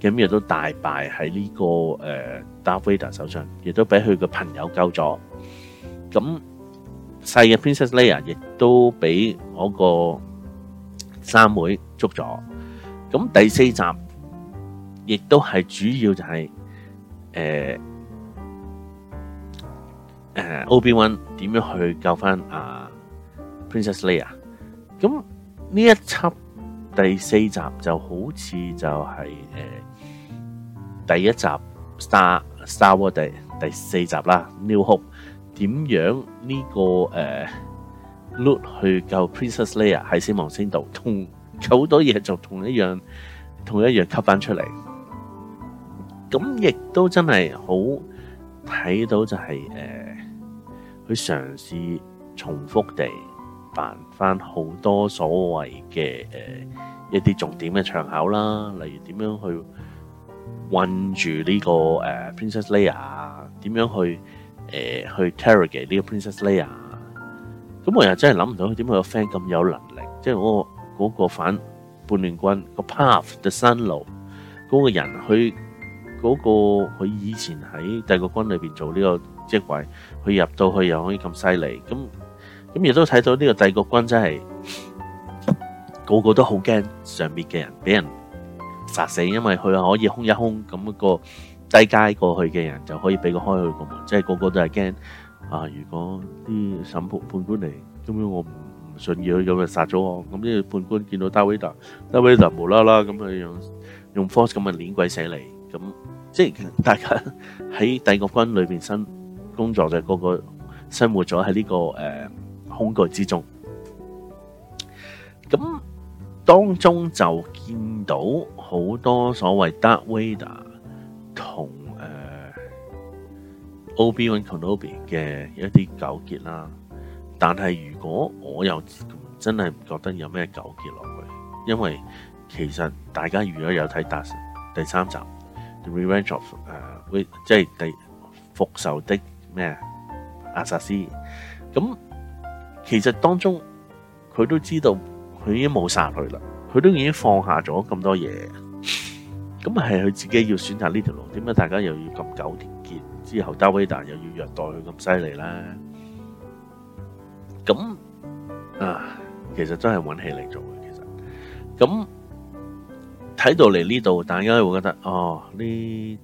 咁亦都大敗喺呢個誒 Darth Vader 手上，亦都俾佢個朋友救咗。咁細嘅 Princess Leia 亦都俾嗰個三妹捉咗。咁第四集亦都係主要就係誒誒 Obi-Wan 點樣去救翻啊 Princess Leia。咁呢一集。第四集就好似就係、是、誒、呃、第一集 Star, Star War Day，第四集啦，New Hope 點樣呢、這個誒 Luke、呃、去救 Princess Leia 喺死亡星度，同好多嘢就同一樣，同一樣吸翻出嚟。咁亦都真係好睇到就係誒去嘗試重複地。扮翻好多所謂嘅誒一啲重點嘅場口啦，例如點樣去韞住呢、這個呃呃、個 Princess Leia，點樣去誒去 interrogate 呢個 Princess Leia？咁我又真係諗唔到佢點解個 friend 咁有能力，即、就、係、是那個嗰、那個反叛亂軍個 path 嘅山路，嗰個人佢嗰、那個佢以前喺帝國軍裏面個軍裏邊做呢個職位，佢入到去又可以咁犀利咁。咁亦都睇到呢個帝國軍真係個個都好驚，上面嘅人俾人殺死，因為佢可以空一空咁一個低階過去嘅人就可以俾佢開佢個門，即係個個都係驚啊。如果啲、嗯、審判判官嚟，根本我唔唔信要，咁咪殺咗我。咁、那、呢個判官見到大威達，大威達無啦啦咁，佢用用 force 咁咪捏鬼死嚟。咁即係大家喺帝國軍裏邊生工作就個個生活咗喺呢個誒，呃恐懼之中，咁當中就見到好多所謂 Darth Vader 同誒、呃、Obi-Wan Kenobi 嘅一啲糾結啦。但係如果我又真係唔覺得有咩糾結落去，因為其實大家如果有睇《Darth 第三集 The Revenge of 誒、呃》，即係第復仇的咩阿薩斯咁。其實當中，佢都知道佢已經冇殺佢啦，佢都已經放下咗咁多嘢，咁係佢自己要選擇呢條路。點解大家又要咁久結結？之後 Darth Vader 又要虐待佢咁犀利啦？咁啊，其實真係揾氣嚟做嘅。其實咁睇到嚟呢度，大家會覺得哦，呢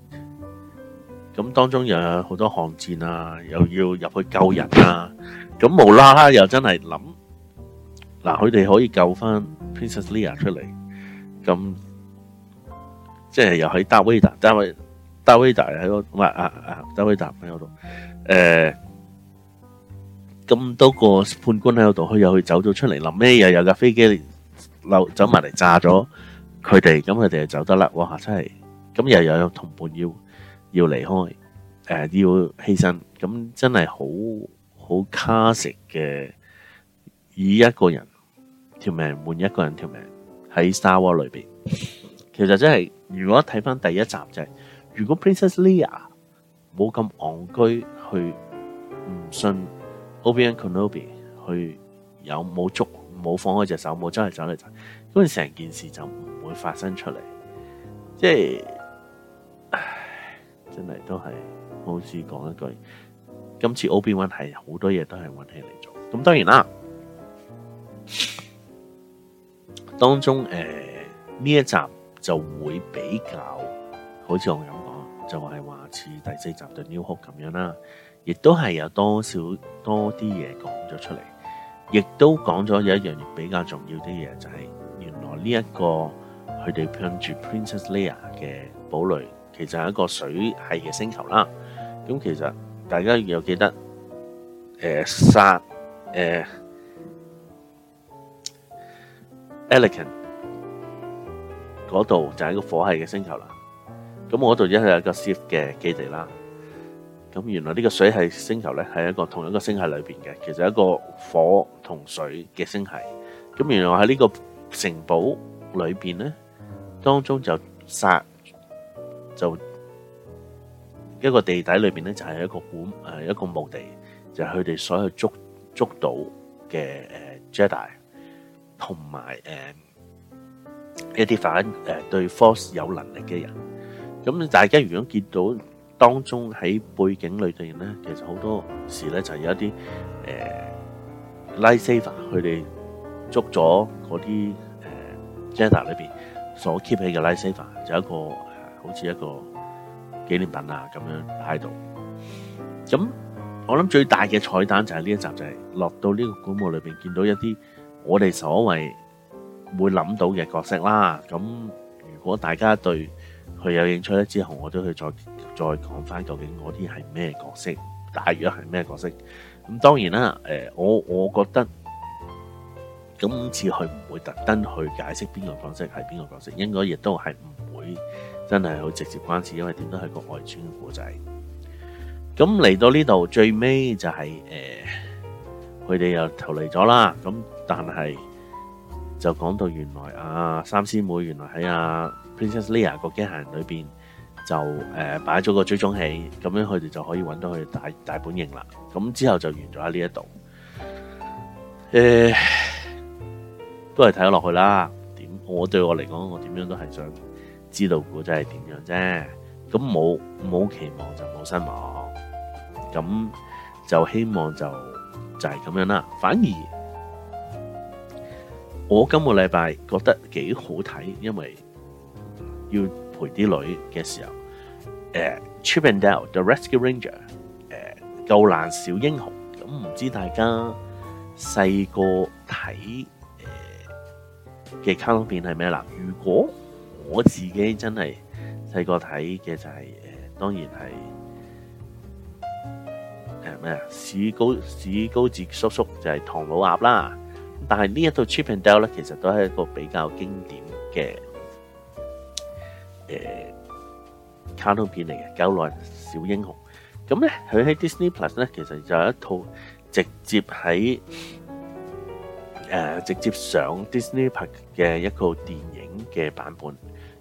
咁當中又有好多巷戰啊，又要入去救人啊。咁無啦啦，又真係諗嗱，佢哋可以救翻 Princess Leia 出嚟，咁即係又可以達威 a 達威達喺嗰 a 係啊 a 達威達喺嗰度誒，咁、呃、多個判官喺度，佢又去走咗出嚟，諗咩？又有架飛機溜走埋嚟炸咗佢哋，咁佢哋就走得啦。哇！真係咁，又又有同伴要要離開誒，要犧、呃、牲，咁真係好。好卡石嘅，以一個人條命換一個人條命喺 Star Wars 裏邊，其實真係，如果睇翻第一集就係，如果 Princess Leia 冇咁戇居去唔信 Obi-Wan Kenobi 去有冇捉冇放開隻手冇真係走嚟走，嗰陣成件事就唔會發生出嚟，即係，唉，真係都係好似講一句。今次 Obi-Wan 係好多嘢都係運氣嚟做，咁當然啦，當中誒呢、呃、一集就會比較好似我咁講，就係話似第四集的、The、New Hope 咁樣啦，亦都係有多少多啲嘢講咗出嚟，亦都講咗有一樣比較重要啲嘢，就係、是、原來呢、這、一個佢哋向住 Princess Leia 嘅堡壘，其實係一個水系嘅星球啦。咁其實。大家要記得，誒沙誒 Elegant 嗰度就係一個火系嘅星球啦。咁我嗰度已經係一個 Shift 嘅基地啦。咁原來呢個水系星球咧，係一個同一個星系裏邊嘅，其實一個火同水嘅星系。咁原來喺呢個城堡裏邊咧，當中就殺就。一個地底裏邊咧，就係一個古，誒一個墓地，就係佢哋所有捉捉到嘅誒 Jedi，同埋誒一啲反誒對 Force 有能力嘅人。咁大家如果見到當中喺背景裏邊咧，其實好多時咧就係有一啲誒，Lightsaber 佢哋捉咗嗰啲誒 Jedi 裏邊所 keep 起嘅 Lightsaber，就係一個好似一個。紀念品啊，咁樣擺喺度。咁我諗最大嘅彩蛋就係呢一集就係、是、落到呢個古墓裏邊見到一啲我哋所謂會諗到嘅角色啦。咁如果大家對佢有興趣咧之後，我都去再再講翻究竟嗰啲係咩角色，大約係咩角色。咁當然啦，誒，我我覺得今次佢唔會特登去解釋邊個角色係邊個角色，應該亦都係唔會。真係好直接關事，因為點都係個外傳嘅故仔。咁嚟到呢度最尾就係、是、誒，佢、呃、哋又逃離咗啦。咁但係就講到原來啊，三師妹原來喺《啊 Princess Leia》個機械人裏邊就誒擺咗個追蹤器，咁樣佢哋就可以搵到佢大大本營啦。咁之後就完咗喺呢一度，誒、呃、都係睇得落去啦。點，我對我嚟講，我點樣都係想知道故仔係點樣啫，咁冇冇期望就冇失望，咁就希望就就係咁樣啦。反而我今個禮拜覺得幾好睇，因為要陪啲女嘅時候，誒、呃《Chip and Dale The Rescue Ranger、呃》誒《救難小英雄》，咁唔知大家細個睇誒嘅卡通片係咩啦？如果我自己真係細個睇嘅就係、是、誒，當然係誒咩啊？史高史高治叔叔就係唐老鴨啦。但係呢一套《Chip and Dale》咧，其實都係一個比較經典嘅誒、呃、卡通片嚟嘅，救難小英雄。咁咧，佢喺 Disney Plus 咧，其實就有一套直接喺。誒，直接上 Disney 拍嘅一個電影嘅版本，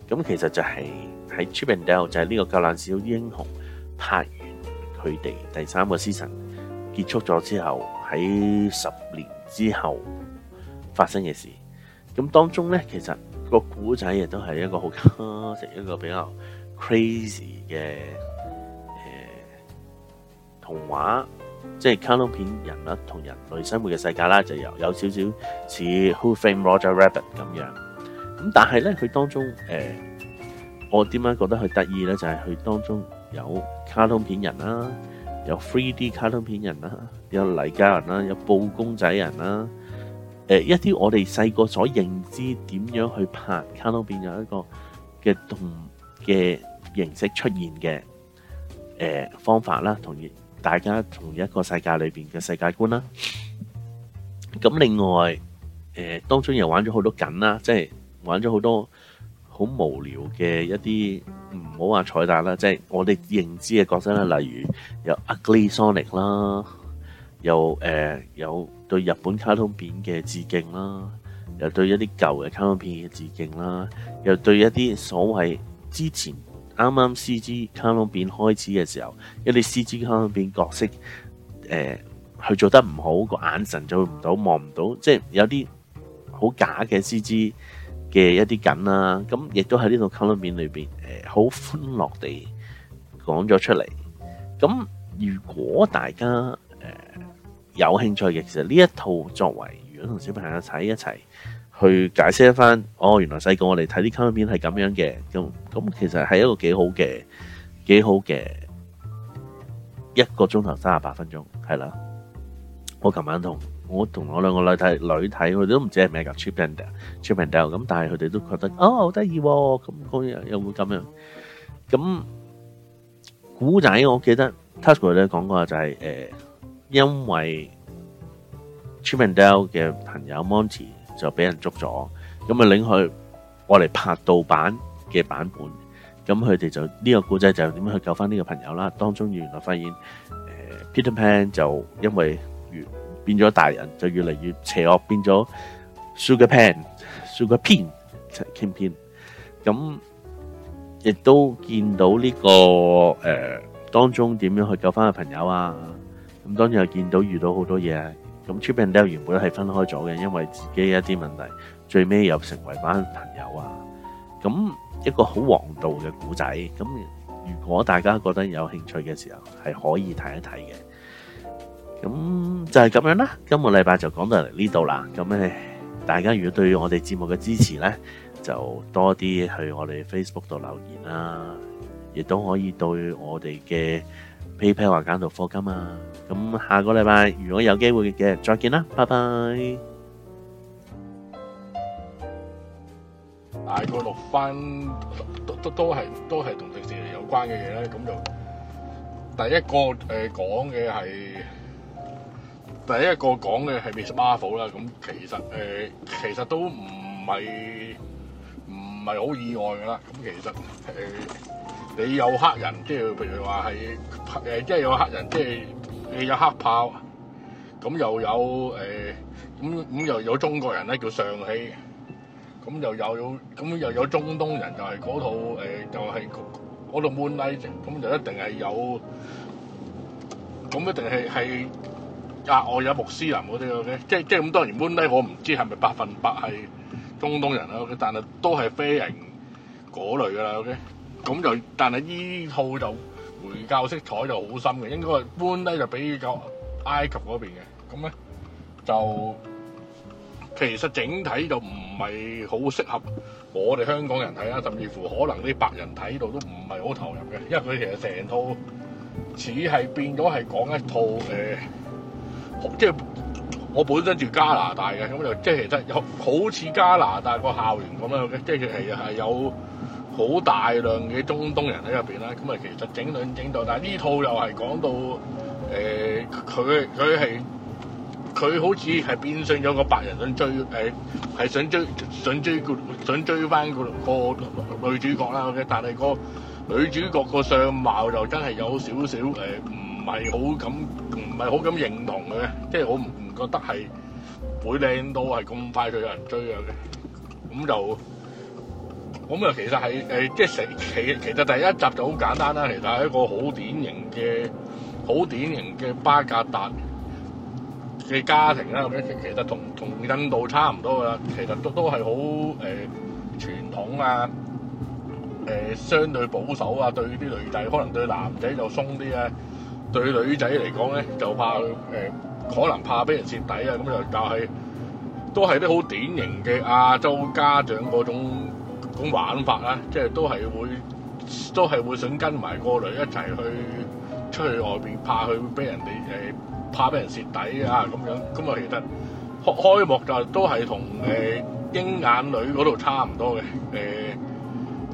咁其實就係喺《Chip 'n Dale》就係呢個《救難小英雄》拍完佢哋第三個 season 結束咗之後，喺十年之後發生嘅事。咁當中咧，其實個古仔亦都係一個好卡通，一個比較 crazy 嘅誒童話。即係卡通片人物同人類生活嘅世界啦，就有有少少似《Who Framed Roger Rabbit》咁樣。咁但係咧，佢當中誒、呃，我點解覺得佢得意咧，就係、是、佢當中有卡通片人啦，有 3D 卡通片人啦，有泥膠人啦，有布公仔人啦。誒、呃，一啲我哋細個所認知點樣去拍卡通片有一個嘅動嘅形式出現嘅誒、呃、方法啦，同。大家同一個世界裏面嘅世界觀啦，咁另外誒當中又玩咗好多梗啦，即係玩咗好多好無聊嘅一啲唔好話彩蛋啦，即係我哋認知嘅角色啦，例如有 Ugly Sonic 啦，又、呃、誒有對日本卡通片嘅致敬啦，又對一啲舊嘅卡通片嘅致敬啦，又對一啲所謂之前。啱啱 CG 卡通片開始嘅時候，一啲 CG 卡通片角色，誒、呃，佢做得唔好，個眼神做唔到，望唔到，即係有啲好假嘅 CG 嘅一啲梗啦。咁亦都喺呢套卡通片裏邊，誒、呃，好歡樂地講咗出嚟。咁如果大家誒、呃、有興趣嘅，其實呢一套作為如果同小朋友一齊一齊。去解釋一翻哦，原來細個我哋睇啲卡通片係咁樣嘅，咁、嗯、咁、嗯、其實係一個幾好嘅，幾好嘅一個鐘頭三十八分鐘係啦。我琴晚同我同我兩個女睇女睇佢哋都唔知係咩嚟㗎 Chip 'n Dale Chip 'n Dale 咁，Chippendale, Chippendale, 但係佢哋都覺得哦好、哦嗯嗯、得意咁，佢又有冇咁樣咁古仔？我記得 Tasuku 咧講過就係、是呃、因為 Chip 'n Dale 嘅朋友 Monty。就俾人捉咗，咁咪拎去我嚟拍盜版嘅版本，咁佢哋就呢、這個故仔就點樣去救翻呢個朋友啦。當中原來發現，誒、呃、Peter Pan 就因為越變咗大人，就越嚟越邪惡，變咗 Sugar Pan、Sugar Pin、King Pin，咁亦都見到呢、這個誒、呃、當中點樣去救翻個朋友啊。咁當然又見到遇到好多嘢咁 Chip 'n Dale 原本係分開咗嘅，因為自己一啲問題，最尾又成為返朋友啊！咁一個好王道嘅古仔，咁如果大家覺得有興趣嘅時候，係可以睇一睇嘅。咁就係咁樣啦，今個禮拜就講到嚟呢度啦。咁誒，大家如果對於我哋節目嘅支持呢，就多啲去我哋 Facebook 度留言啦，亦都可以對我哋嘅。P. P. 話揀到貨金啊！咁下個禮拜如果有機會嘅，再見啦，拜拜。大概錄返都都都係都係同迪士尼有關嘅嘢咧，咁就第一個誒講嘅係第一個講嘅係《Ms. Marvel》啦。咁其實誒其實都唔係唔係好意外噶啦。咁其實誒。你有黑人，即係譬如話係即係有黑人，即係你有黑豹，咁又有咁咁、呃、又有中國人咧，叫上氣，咁又有，咁又有中東人，就係、是、嗰套誒，就係嗰套穆斯林，咁就一定係有，咁一定係係額外有穆斯林嗰啲即即係咁多年穆斯林，Moonlight、我唔知係咪百分百係中東人啦，但係都係啡型嗰類噶啦。咁就，但係依套就回教色彩就好深嘅，應該係搬低就比較埃及嗰邊嘅，咁咧就其實整體就唔係好適合我哋香港人睇啦，甚至乎可能啲白人睇到都唔係好投入嘅，因為佢其實成套似係變咗係講一套誒，即係。我本身住加拿大嘅，咁又即係其實有好似加拿大個校園咁樣嘅，即係其實係有好大量嘅中東人喺入邊啦。咁啊，其實整兩整到，但係呢套又係講到誒佢佢係佢好似係變性咗個白人想追誒係、呃、想追想追個想追翻個個女主角啦。但係個女主角個相貌就真係有少少誒唔係好咁唔係好咁認同嘅，即係我唔。覺得係會靚到係咁快就有人追嘅，咁就咁又其實係誒、呃，即係成其其實第一集就好簡單啦，其實係一個好典型嘅好典型嘅巴格達嘅家庭啦，咁樣其實同同印度差唔多嘅，其實都都係好誒傳統啊，誒、呃、相對保守啊，對啲女仔可能對男仔就鬆啲啊，對女仔嚟講咧就怕佢可能怕俾人蝕底啊，咁就就係、係都係啲好典型嘅亞洲家長嗰種玩法啦，即係都係會都係會想跟埋個女一齊去出去外邊，怕佢俾人哋誒怕俾人蝕底啊咁樣。咁其實開幕就都係同誒《鷹眼女》嗰度差唔多嘅。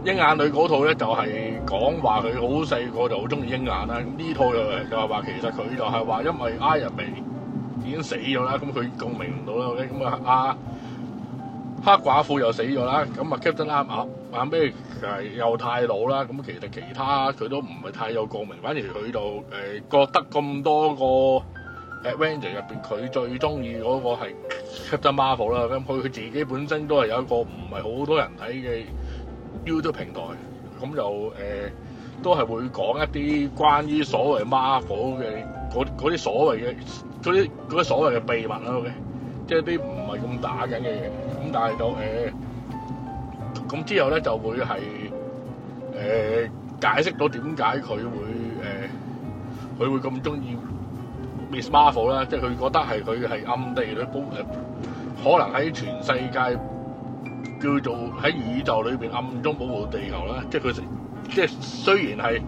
誒《鷹眼女》嗰套咧就係講話佢好細個就好中意鷹眼啦，呢套就就係話其實佢就係話因為挨入嚟。已經死咗啦，咁佢共鳴唔到啦。OK，咁啊，阿黑寡婦又死咗啦。咁啊，Captain 啱鴨，話咩誒又太老啦。咁其實其他佢都唔係太有共鳴，反而佢就誒、呃、覺得咁多個誒 Avenger 入邊，佢最中意嗰個係 Captain Marvel 啦。咁佢佢自己本身都係有一個唔係好多人睇嘅 YouTube 平台，咁又誒。呃都係會講一啲關於所謂 Marvel 嘅嗰啲所謂嘅啲啲所謂嘅秘密咯嘅，okay? 即係啲唔係咁打緊嘅嘢。咁但係到誒，咁、呃、之後咧就會係誒、呃、解釋到點解佢會誒佢、呃、會咁中意 Miss Marvel 啦，即係佢覺得係佢係暗地裏保誒，可能喺全世界叫做喺宇宙裏邊暗中保護地球啦，即係佢即係雖然係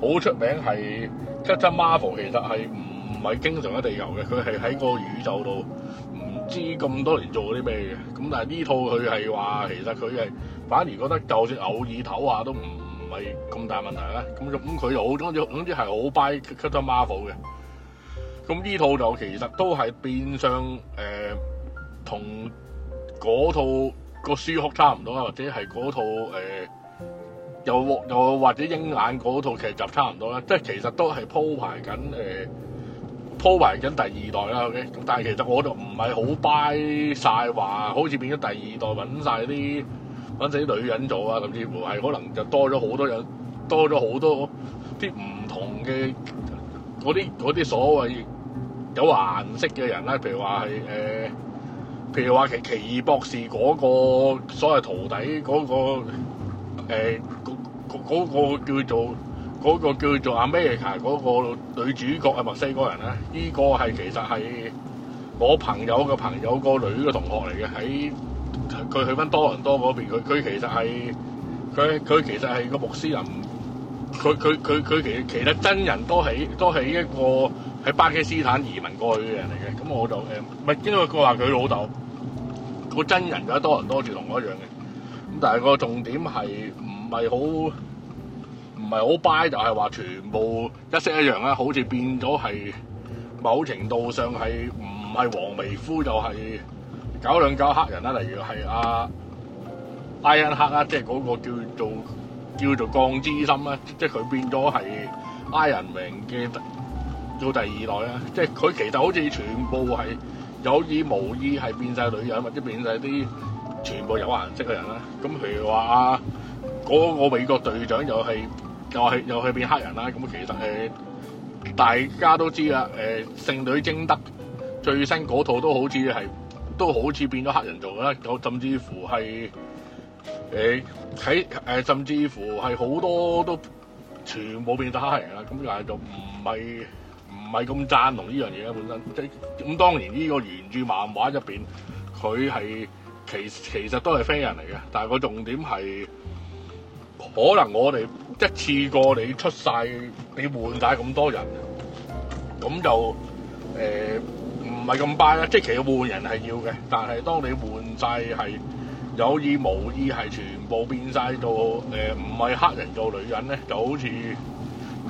好出名，係 Captain Marvel 其實係唔唔係經常喺地球嘅，佢係喺個宇宙度唔知咁多年做啲咩嘅。咁但係呢套佢係話其實佢係反而覺得就算偶爾唞下都唔係咁大問題咧。咁咁佢又好，總之總之係好 buy Captain Marvel 嘅。咁呢套就其實都係變相誒同嗰套個書殼差唔多啊，或者係嗰套誒。呃又又或者英那《鷹眼》嗰套劇集差唔多啦，即係其實都係鋪排緊誒鋪排緊第二代啦，OK。但係其實我就唔係好 buy 晒話，好似變咗第二代揾晒啲揾曬啲女人做啊，甚至乎係可能就多咗好多有多咗好多啲唔同嘅嗰啲啲所謂有顏色嘅人啦。譬如話係誒，譬如話其奇異博士嗰個所謂徒弟嗰、嗰個、呃嗰、那個叫做嗰、那個叫做阿咩卡嗰個女主角啊，墨西哥人咧，依、這個係其實係我朋友個朋友個女嘅同學嚟嘅，喺佢去翻多倫多嗰邊，佢佢其實係佢佢其實係個牧師人，佢佢佢佢其其實真人都係都係一個喺巴基斯坦移民過去嘅人嚟嘅，咁我就誒唔係，因為佢話佢老豆個真人而家喺多倫多住同我一樣嘅，咁但係個重點係。唔係好唔係好 buy，就係話全部一色一樣咧，好似變咗係某程度上係唔係黃皮膚就係，是，搞兩搞黑人啦。例如係阿 Iron 黑啦，即係嗰個叫做叫做江之心啦，即係佢變咗係 Iron 名嘅做第二代啦。即係佢其實好似全部係有意毛意，係變晒女人，或者變晒啲全部有顏色嘅人啦。咁譬如話阿、啊。我，我美國隊長又係又係又係變黑人啦。咁其實係、呃、大家都知啦。誒、呃，聖女貞德最新嗰套都好似係都好似變咗黑人做嘅啦。有甚至乎係誒喺誒，甚至乎係好、呃、多都全部變咗黑人啦。咁但係就唔係唔係咁贊同呢樣嘢啊。本身即係咁，當然呢個原著漫畫入邊佢係其實其實都係非人嚟嘅，但係個重點係。可能我哋一次過你出曬你換曬咁多人，咁就誒唔係咁快啊！即係其實換人係要嘅，但係當你換曬係有意無意係全部變曬到誒唔係黑人做女人咧，就好似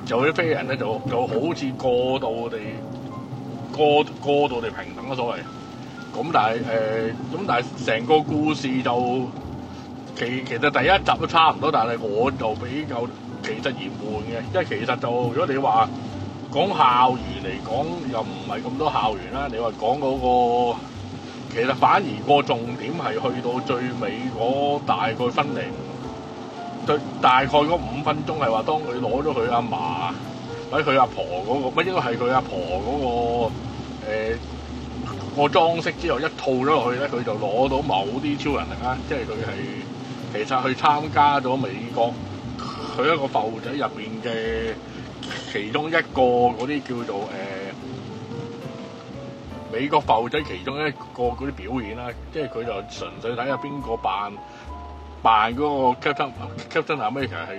就啲飛人咧，就就好似過度地過過度地平等所謂。咁但係呃、咁但係成個故事就。其其實第一集都差唔多，但係我就比較其實而悶嘅，因為其實就如果你話講校園嚟講，又唔係咁多校園啦。你話講嗰個其實反而個重點係去到最尾嗰大概分零，對大概嗰五分鐘係話當佢攞咗佢阿嫲，或者佢阿婆嗰個，唔應該係佢阿婆嗰個誒個裝飾之後一套咗落去咧，佢就攞到某啲超能力啦，即係佢係。其實去參加咗美國佢一個浮仔入邊嘅其中一個嗰啲叫做誒、呃、美國浮仔其中一個嗰啲表演啦、啊，即係佢就純粹睇下邊個扮扮嗰個 captain、啊、captain america 係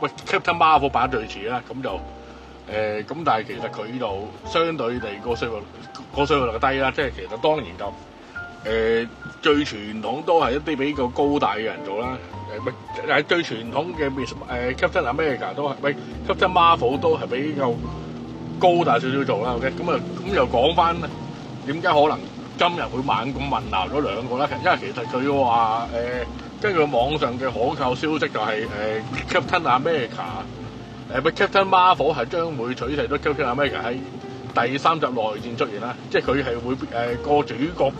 喂 captain marvel 扮得最似啦，咁就誒咁、呃，但係其實佢就相對嚟個水份個水份率低啦，即係其實當然就。最傳統都係一啲比較高大嘅人做啦。最傳統嘅 Captain America 都係咪 Captain Marvel 都係比較高大少少做啦。OK，咁啊，咁又講翻點解可能今日會猛咁混淆咗兩個啦？因為其實佢話根據網上嘅可靠消息就係誒 Captain America 誒 Captain Marvel 係將會取代到 Captain America 喺第三集內戰出現啦。即係佢係會誒個主角。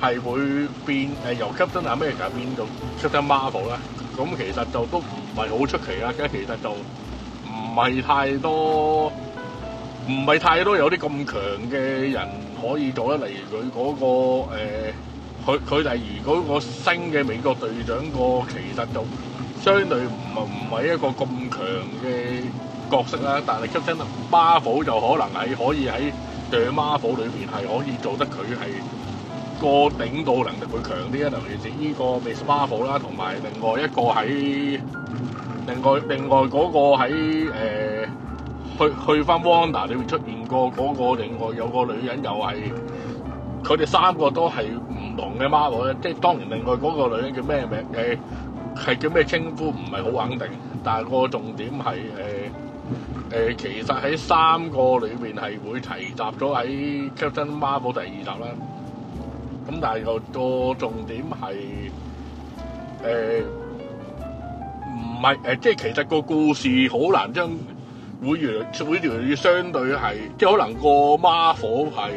係會變誒由 Captain 啊咩嘅變到 Captain Marvel 啦，咁其實就都唔係好出奇啦。咁其實就唔係太多，唔係太多有啲咁強嘅人可以做得。嚟、那個。佢嗰個佢佢哋如果個新嘅美國隊長個其實就相對唔係唔係一個咁強嘅角色啦。但係 Captain Marvel 就可能喺可以喺嘅 Marvel 裏面係可以做得佢係。個領導能力會強啲，尤其係呢個 Miss Marvel 啦，同埋另外一個喺另外另外個喺誒、呃、去去翻 Wanda 裏面出現過嗰、那個，另外有一個女人又係佢哋三個都係唔同嘅 Marvel 咧。即係當然，另外嗰個女人叫咩名？誒，係叫咩稱呼？唔係好肯定。但係個重點係誒誒，其實喺三個裏面係會提及咗喺 Captain Marvel 第二集啦。咁但係個重點係誒，唔係誒，即係其實個故事好難，將會越嚟會越嚟相對係即係可能個孖火係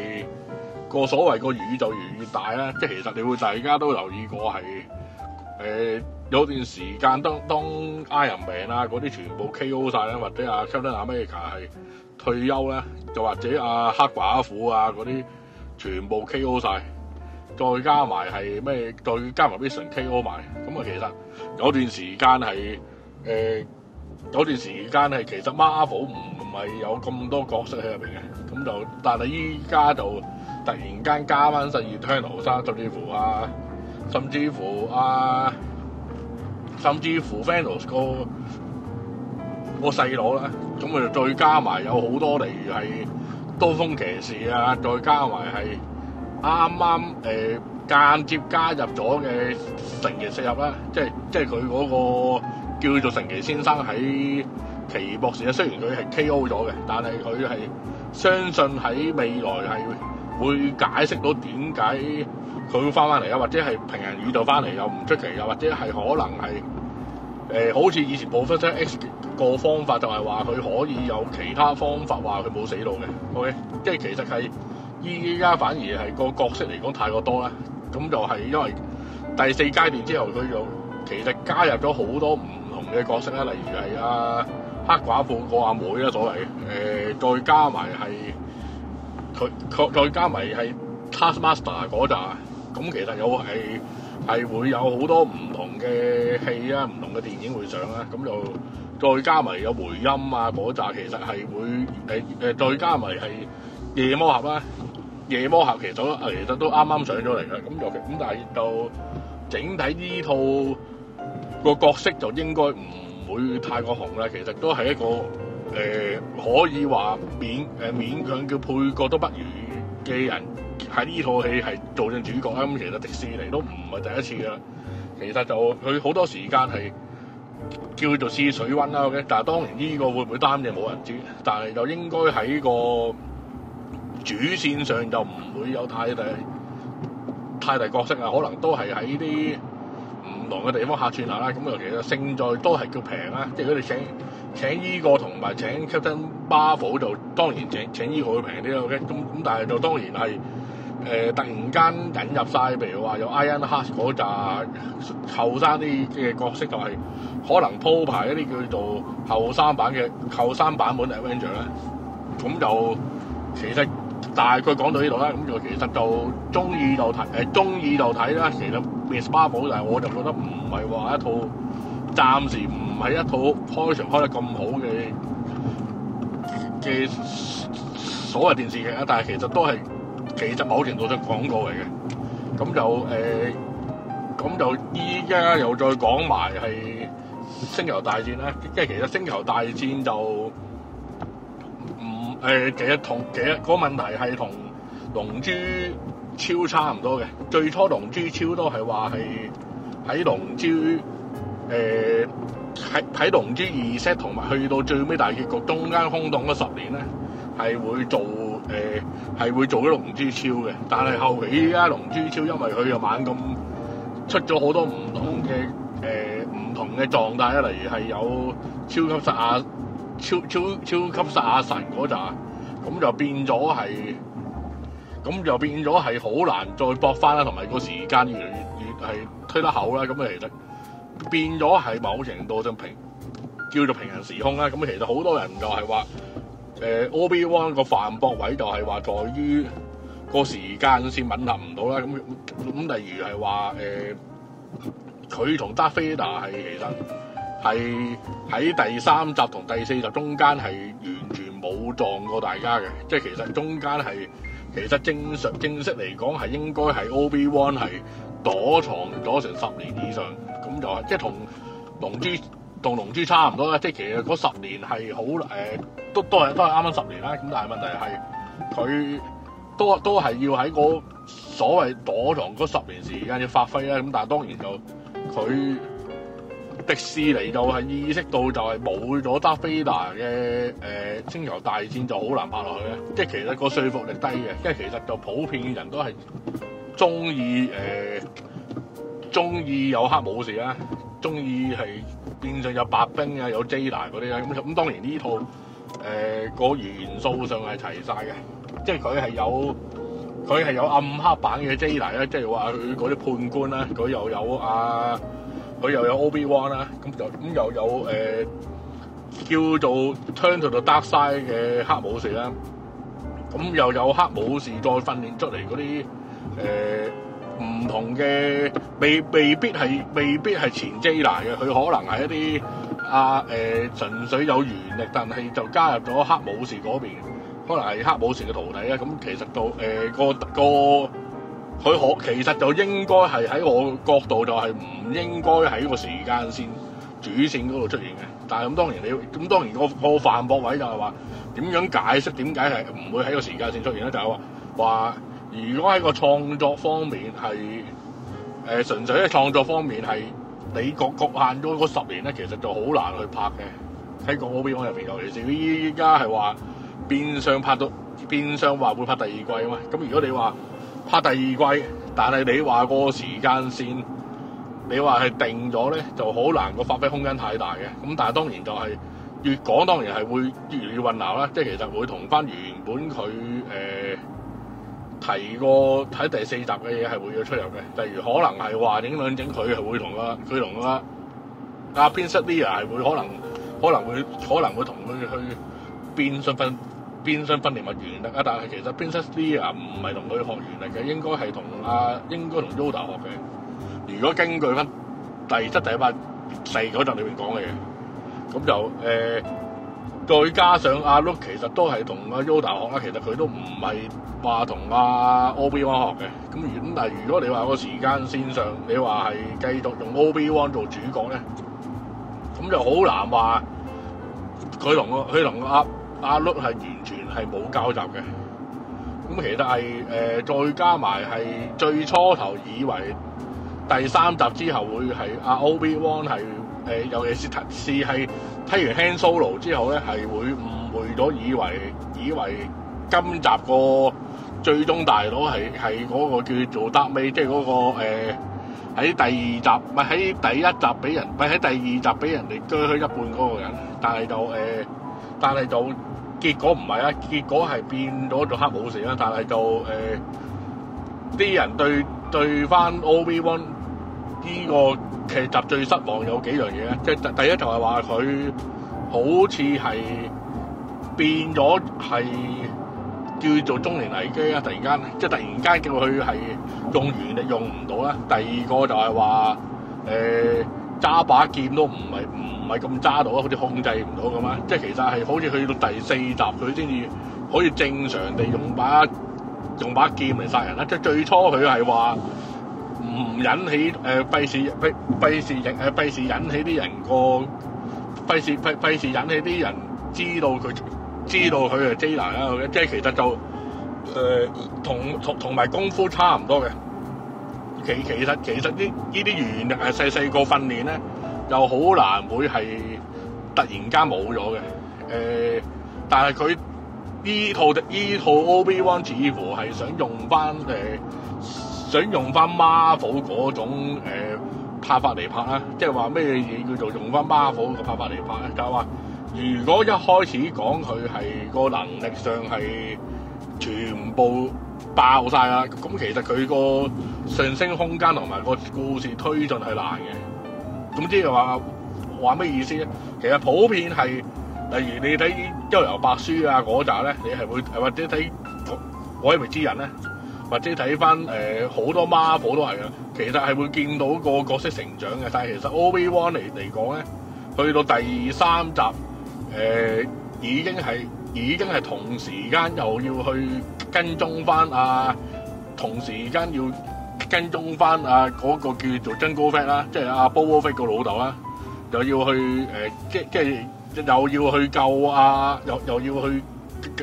個所謂個宇宙就越嚟越大啦。即係其實你會大家都留意過係誒、呃，有段時間當當 Iron Man 啊啲全部 K O 晒啦，或者阿 Captain America 係退休啦，就或者阿黑寡婦啊啲全部 K O 晒。再加埋係咩？再加埋 Vision KO 埋。咁啊，其實有段時間係誒、呃，有段時間係其實 Marvel 唔係有咁多角色喺入邊嘅。咁就，但係依家就突然間加返十二 Thunder 山，甚至乎啊，甚至乎啊，甚至乎 Venom 個個細佬啦。咁啊，就再加埋有好多例如係刀鋒騎士啊，再加埋係。啱啱誒間接加入咗嘅神奇四俠啦，即係即係佢嗰個叫做神奇先生喺奇博士咧，雖然佢係 KO 咗嘅，但係佢係相信喺未來係會解釋到點解佢會翻翻嚟啊，或者係平行宇宙翻嚟又唔出奇，又或者係可能係誒、呃、好似以前 Professor X 個方法就係話佢可以有其他方法話佢冇死到嘅。OK，即係其實係。依家反而係個角色嚟講太過多啦，咁就係因為第四階段之後佢就其實加入咗好多唔同嘅角色啦，例如係阿黑寡婦個阿妹啦，所謂嘅誒，再加埋係佢再加埋係 Taskmaster 嗰扎，咁其實有係係會有好多唔同嘅戲啊，唔同嘅電影會上啦，咁就再加埋有回音啊，嗰扎其實係會誒誒，再加埋係夜魔俠啦。夜魔俠其實其實都啱啱上咗嚟嘅，咁尤其咁，但係就整體呢套個角色就應該唔會太過紅啦。其實都係一個誒、呃、可以話勉誒勉強叫配角都不如嘅人喺呢套戲係做正主角啦。咁其實迪士尼都唔係第一次㗎啦。其實就佢好多時間係叫做試水溫啦，但係當然呢個會唔會擔正冇人知，但係就應該喺個。主線上就唔會有太大太大角色啊，可能都係喺啲唔同嘅地方客串下啦。咁尤其係勝在都係叫平啦，即係佢哋請請呢、這個同埋請 Captain Marvel 就當然請請呢個會平啲咯。咁咁但係就當然係誒突然間引入晒，譬如話有 Ironheart 嗰扎後生啲嘅角色，就係可能鋪排一啲叫做後生版嘅後生版本嘅 Avenger 咧。咁就其實。但係佢講到呢度啦，咁就其實就中意就睇，誒中意就睇啦。其實《Ms. Marvel》，但係我就覺得唔係話一套暫時唔係一套開場開得咁好嘅嘅所謂電視劇啊，但係其實都係其實某程度都廣告嚟嘅。咁就誒，咁、呃、就依家又再講埋係《星球大戰》啦。即係其實《星球大戰》就。誒、呃，其實同其實、個問題係同龍珠超差唔多嘅。最初龍珠超都係話係喺龍珠誒喺喺龍珠二 set，同埋去到最尾大結局中間空洞嗰十年咧，係會做誒係、呃、會做啲龍珠超嘅。但係後期依家龍珠超因為佢又猛咁出咗好多唔同嘅誒唔同嘅狀態啦，例如係有超級撒亞啊。超超超級殺神嗰陣，咁就變咗係，咁就變咗係好難再搏翻啦，同埋個時間越嚟越越推得厚啦，咁其實變咗係某程度就平叫做平行時空啦，咁其實好多人就係話、呃、Obi-Wan 個反駁位就係話在於個時間先吻合唔到啦，咁咁例如係話誒佢同 Darth Vader 係其實。係喺第三集同第四集中間係完全冇撞過大家嘅，即係其實中間係其實正常正式嚟講係應該係 Obi-Wan 係躲藏咗成十年以上跟，咁就係即係同龍珠同龍珠差唔多啊，即係其實嗰十年係好誒，都都係都係啱啱十年啦，咁但係問題係佢都都係要喺嗰所謂躲藏嗰十年時間要發揮啦，咁但係當然就佢。迪士尼就係意識到就係冇咗達菲娜嘅誒星球大戰就好難拍落去，即係其實個說服力低嘅，即係其實就普遍嘅人都係中意誒中意有黑武士啊，中意係變上有白兵啊，有 Jedi 嗰啲咧，咁咁當然呢套誒個、呃、元素上係齊晒嘅，即係佢係有佢係有暗黑版嘅 Jedi 即係話佢嗰啲判官啦，佢又有啊。佢又有 Obi-Wan 啦，咁就，咁又有誒、呃、叫做 turn to to dark side 嘅黑武士啦，咁又有黑武士再訓練出嚟啲誒唔同嘅，未未必係未必係前 J 納嘅，佢可能係一啲啊誒、呃、純粹有原力，但係就加入咗黑武士嗰邊，可能係黑武士嘅徒弟啊。咁其實到誒個個。個佢可其實就應該係喺我角度就係唔應該喺個時間線主線嗰度出現嘅。但係咁當然你咁當然個個犯駁位就係話點樣解釋點解係唔會喺個時間線出現咧？就係話話如果喺個創作方面係誒純粹喺創作方面係你局侷限咗嗰十年咧，其實就好難去拍嘅。喺我嗰邊我入邊，尤其是依家係話變相拍到變相話會拍第二季啊嘛。咁如果你話，拍第二季，但係你話個時間線，你話係定咗咧，就好難、個發揮空間太大嘅。咁但係當然就係越講當然係會越越混淆啦。即係其實會同翻原本佢誒、呃、提過睇第四集嘅嘢係會有出入嘅。例如可能係話影兩影，佢係會同啊佢同啊阿編輯 Bia 係會可能可能會可能會同佢去變身份。邊相分裂物原力啊？但係其實邊相啲啊，唔係同佢學原力嘅，應該係同阿應該同 Yoda 學嘅。如果根據翻第七集第八細嗰集裏邊講嘅嘢，咁就誒、再加上阿 Luke 其實都係同阿 Yoda 學啊。其實佢都唔係話同阿 Obi Wan 學嘅。咁如咁，但係如果你話個時間線上，你話係繼續用 Obi Wan 做主角咧，咁就好難話佢同個佢同個阿。阿、啊、律係完全係冇交集嘅，咁其實係誒、呃、再加埋係最初頭以為第三集之後會係阿 Obi-Wan 係誒、呃，尤其是塔斯係睇完 Han Solo 之後咧，係會誤會咗以為以為今集個最終大佬係係嗰個叫做達美，即係嗰個喺第二集咪喺第一集俾人咪喺第二集俾人哋鋸去一半嗰個人，但係就……誒、呃、但係就。結果唔係啊，結果係變咗做黑武士啊，但係就誒啲、呃、人對對翻 Obi-Wan 呢個劇集最失望的有幾樣嘢咧，即係第一就係話佢好似係變咗係叫做中年危機啊，突然間即係突然間叫佢係用完就用唔到啦，第二個就係話誒。呃揸把劍都唔係唔係咁揸到啊！好似控制唔到咁樣！即係其實係好似去到第四集佢先至可以正常地用把用把劍嚟殺人啦。即係最初佢係話唔引起誒費事費費事引誒費事引起啲人個費事費費事引起啲人知道佢知道佢係 Jenna 啦。即係其實就誒同同同埋功夫差唔多嘅。其其實其實呢呢啲原力啊，細細個訓練咧，又好難會係突然間冇咗嘅。誒，但係佢呢套呢套 Obi-Wan 似乎係想用翻、呃、想用翻 Marvel 嗰種誒、呃、拍法嚟拍啦，即係話咩嘢叫做用翻 Marvel 嘅拍法嚟拍咧？就係話，如果一開始講佢係個能力上係全部。爆晒啦！咁其實佢個上升空間同埋個故事推進係難嘅。咁即係話話咩意思咧？其實普遍係，例如你睇《幽遊白書》啊嗰集咧，你係會或者睇《我係未知人》咧，或者睇翻好多漫畫都係嘅。其實係會見到個角色成長嘅，但係其實《Obi Wan》嚟嚟講咧，去到第三集、呃、已經係。已經係同時間又要去跟蹤翻啊，同時間要跟蹤翻啊嗰、那個叫做 j 高 h 啦，即係阿 Bob 個老豆啦，又要去誒，即即係又要去救啊，又又要去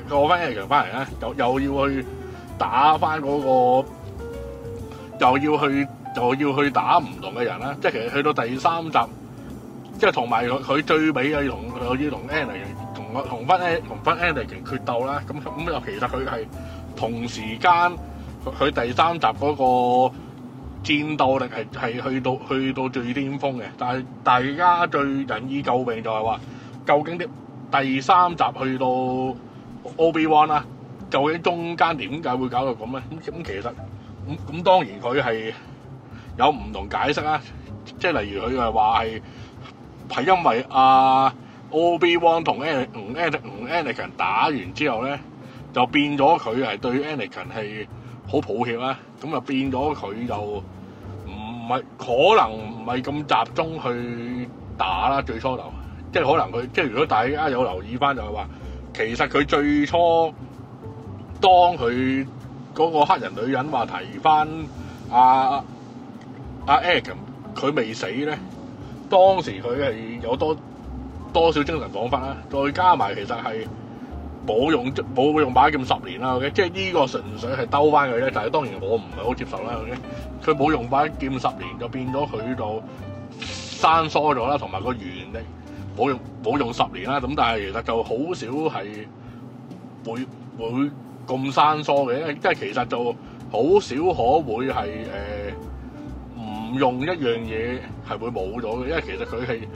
攞翻一樣翻嚟啦，又又要去打翻嗰、那個，又要去又要去打唔同嘅人啦、啊，即係其實去到第三集，即係同埋佢最尾要同要要同 Anne 嚟。我同不同不 Andy 嘅決鬥啦，咁咁又其實佢係同時間佢第三集嗰個戰鬥力係係去到去到最巔峰嘅，但係大家最引以詬病就係、是、話究竟啲第三集去到 Obi-Wan 啦，究竟中間點解會搞到咁咧？咁咁其實咁咁當然佢係有唔同解釋啊，即係例如佢係話係係因為阿。呃 Obi Wan 同 An 同 An 同 Anakin 打完之後咧，就變咗佢係對 a n a i n 係好抱歉啦。咁啊變咗佢就唔係可能唔係咁集中去打啦。最初流、就是，即係可能佢即係如果大家有留意翻就係話，其實佢最初當佢個黑人女人話提翻阿阿 a n i n 佢未死咧，當時佢係有多。多少精神講法啦？再加埋其實係冇用，冇用把劍十年啦。OK，即係呢個純粹係兜翻佢啫。但係當然我唔係好接受啦。OK，佢冇用把劍十年就變咗佢度生疏咗啦，同埋個原力冇用冇用十年啦。咁但係其實就好少係會會咁生疏嘅，即係其實就好少可會係誒唔用一樣嘢係會冇咗嘅，因為其實佢係。呃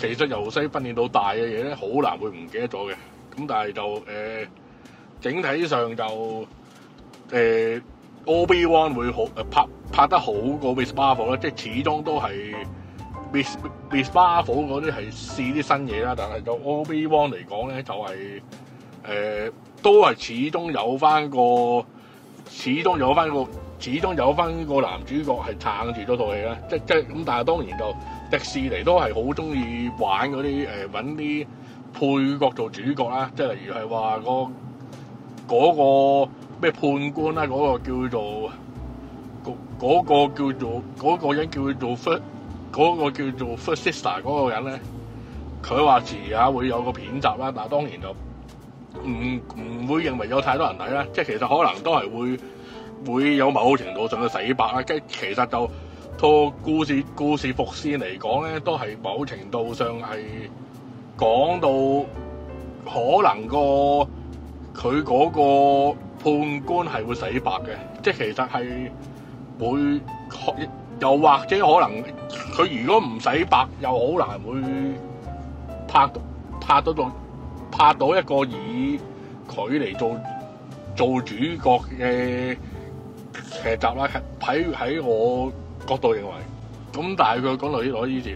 其實由細訓練到大嘅嘢咧，好難會唔記得咗嘅。咁但係就誒、呃，整體上就誒、呃，Obi-Wan 會好誒拍拍得好過 Ms. Marvel 啦。即係始終都係 Ms. Ms. Marvel 嗰啲係試啲新嘢啦。但係就 Obi-Wan 嚟講咧，就係誒都係始終有返個，始終有返個，始終有返個男主角係撐住套戲啦。即即咁，但係當然就。迪士尼都係好中意玩嗰啲誒揾啲配角做主角啦，即係例如係話、那個嗰、那個咩判官啦，嗰、那個叫做嗰、那個那個叫做嗰、那個人叫做 f 嗰、那個叫做 f i s t s r 嗰個人咧，佢話遲下會有個片集啦，但係當然就唔唔會認為有太多人睇啦，即係其實可能都係會會有某程度上嘅洗白啦，跟其實就。個故事故事伏線嚟講咧，都係某程度上係講到可能個佢嗰個判官係會洗白嘅，即係其實係會又或者可能佢如果唔洗白，又好難會拍拍到到拍到一個以佢嚟做做主角嘅劇集啦，喺喺我角度認為，咁但係佢講到呢度依條。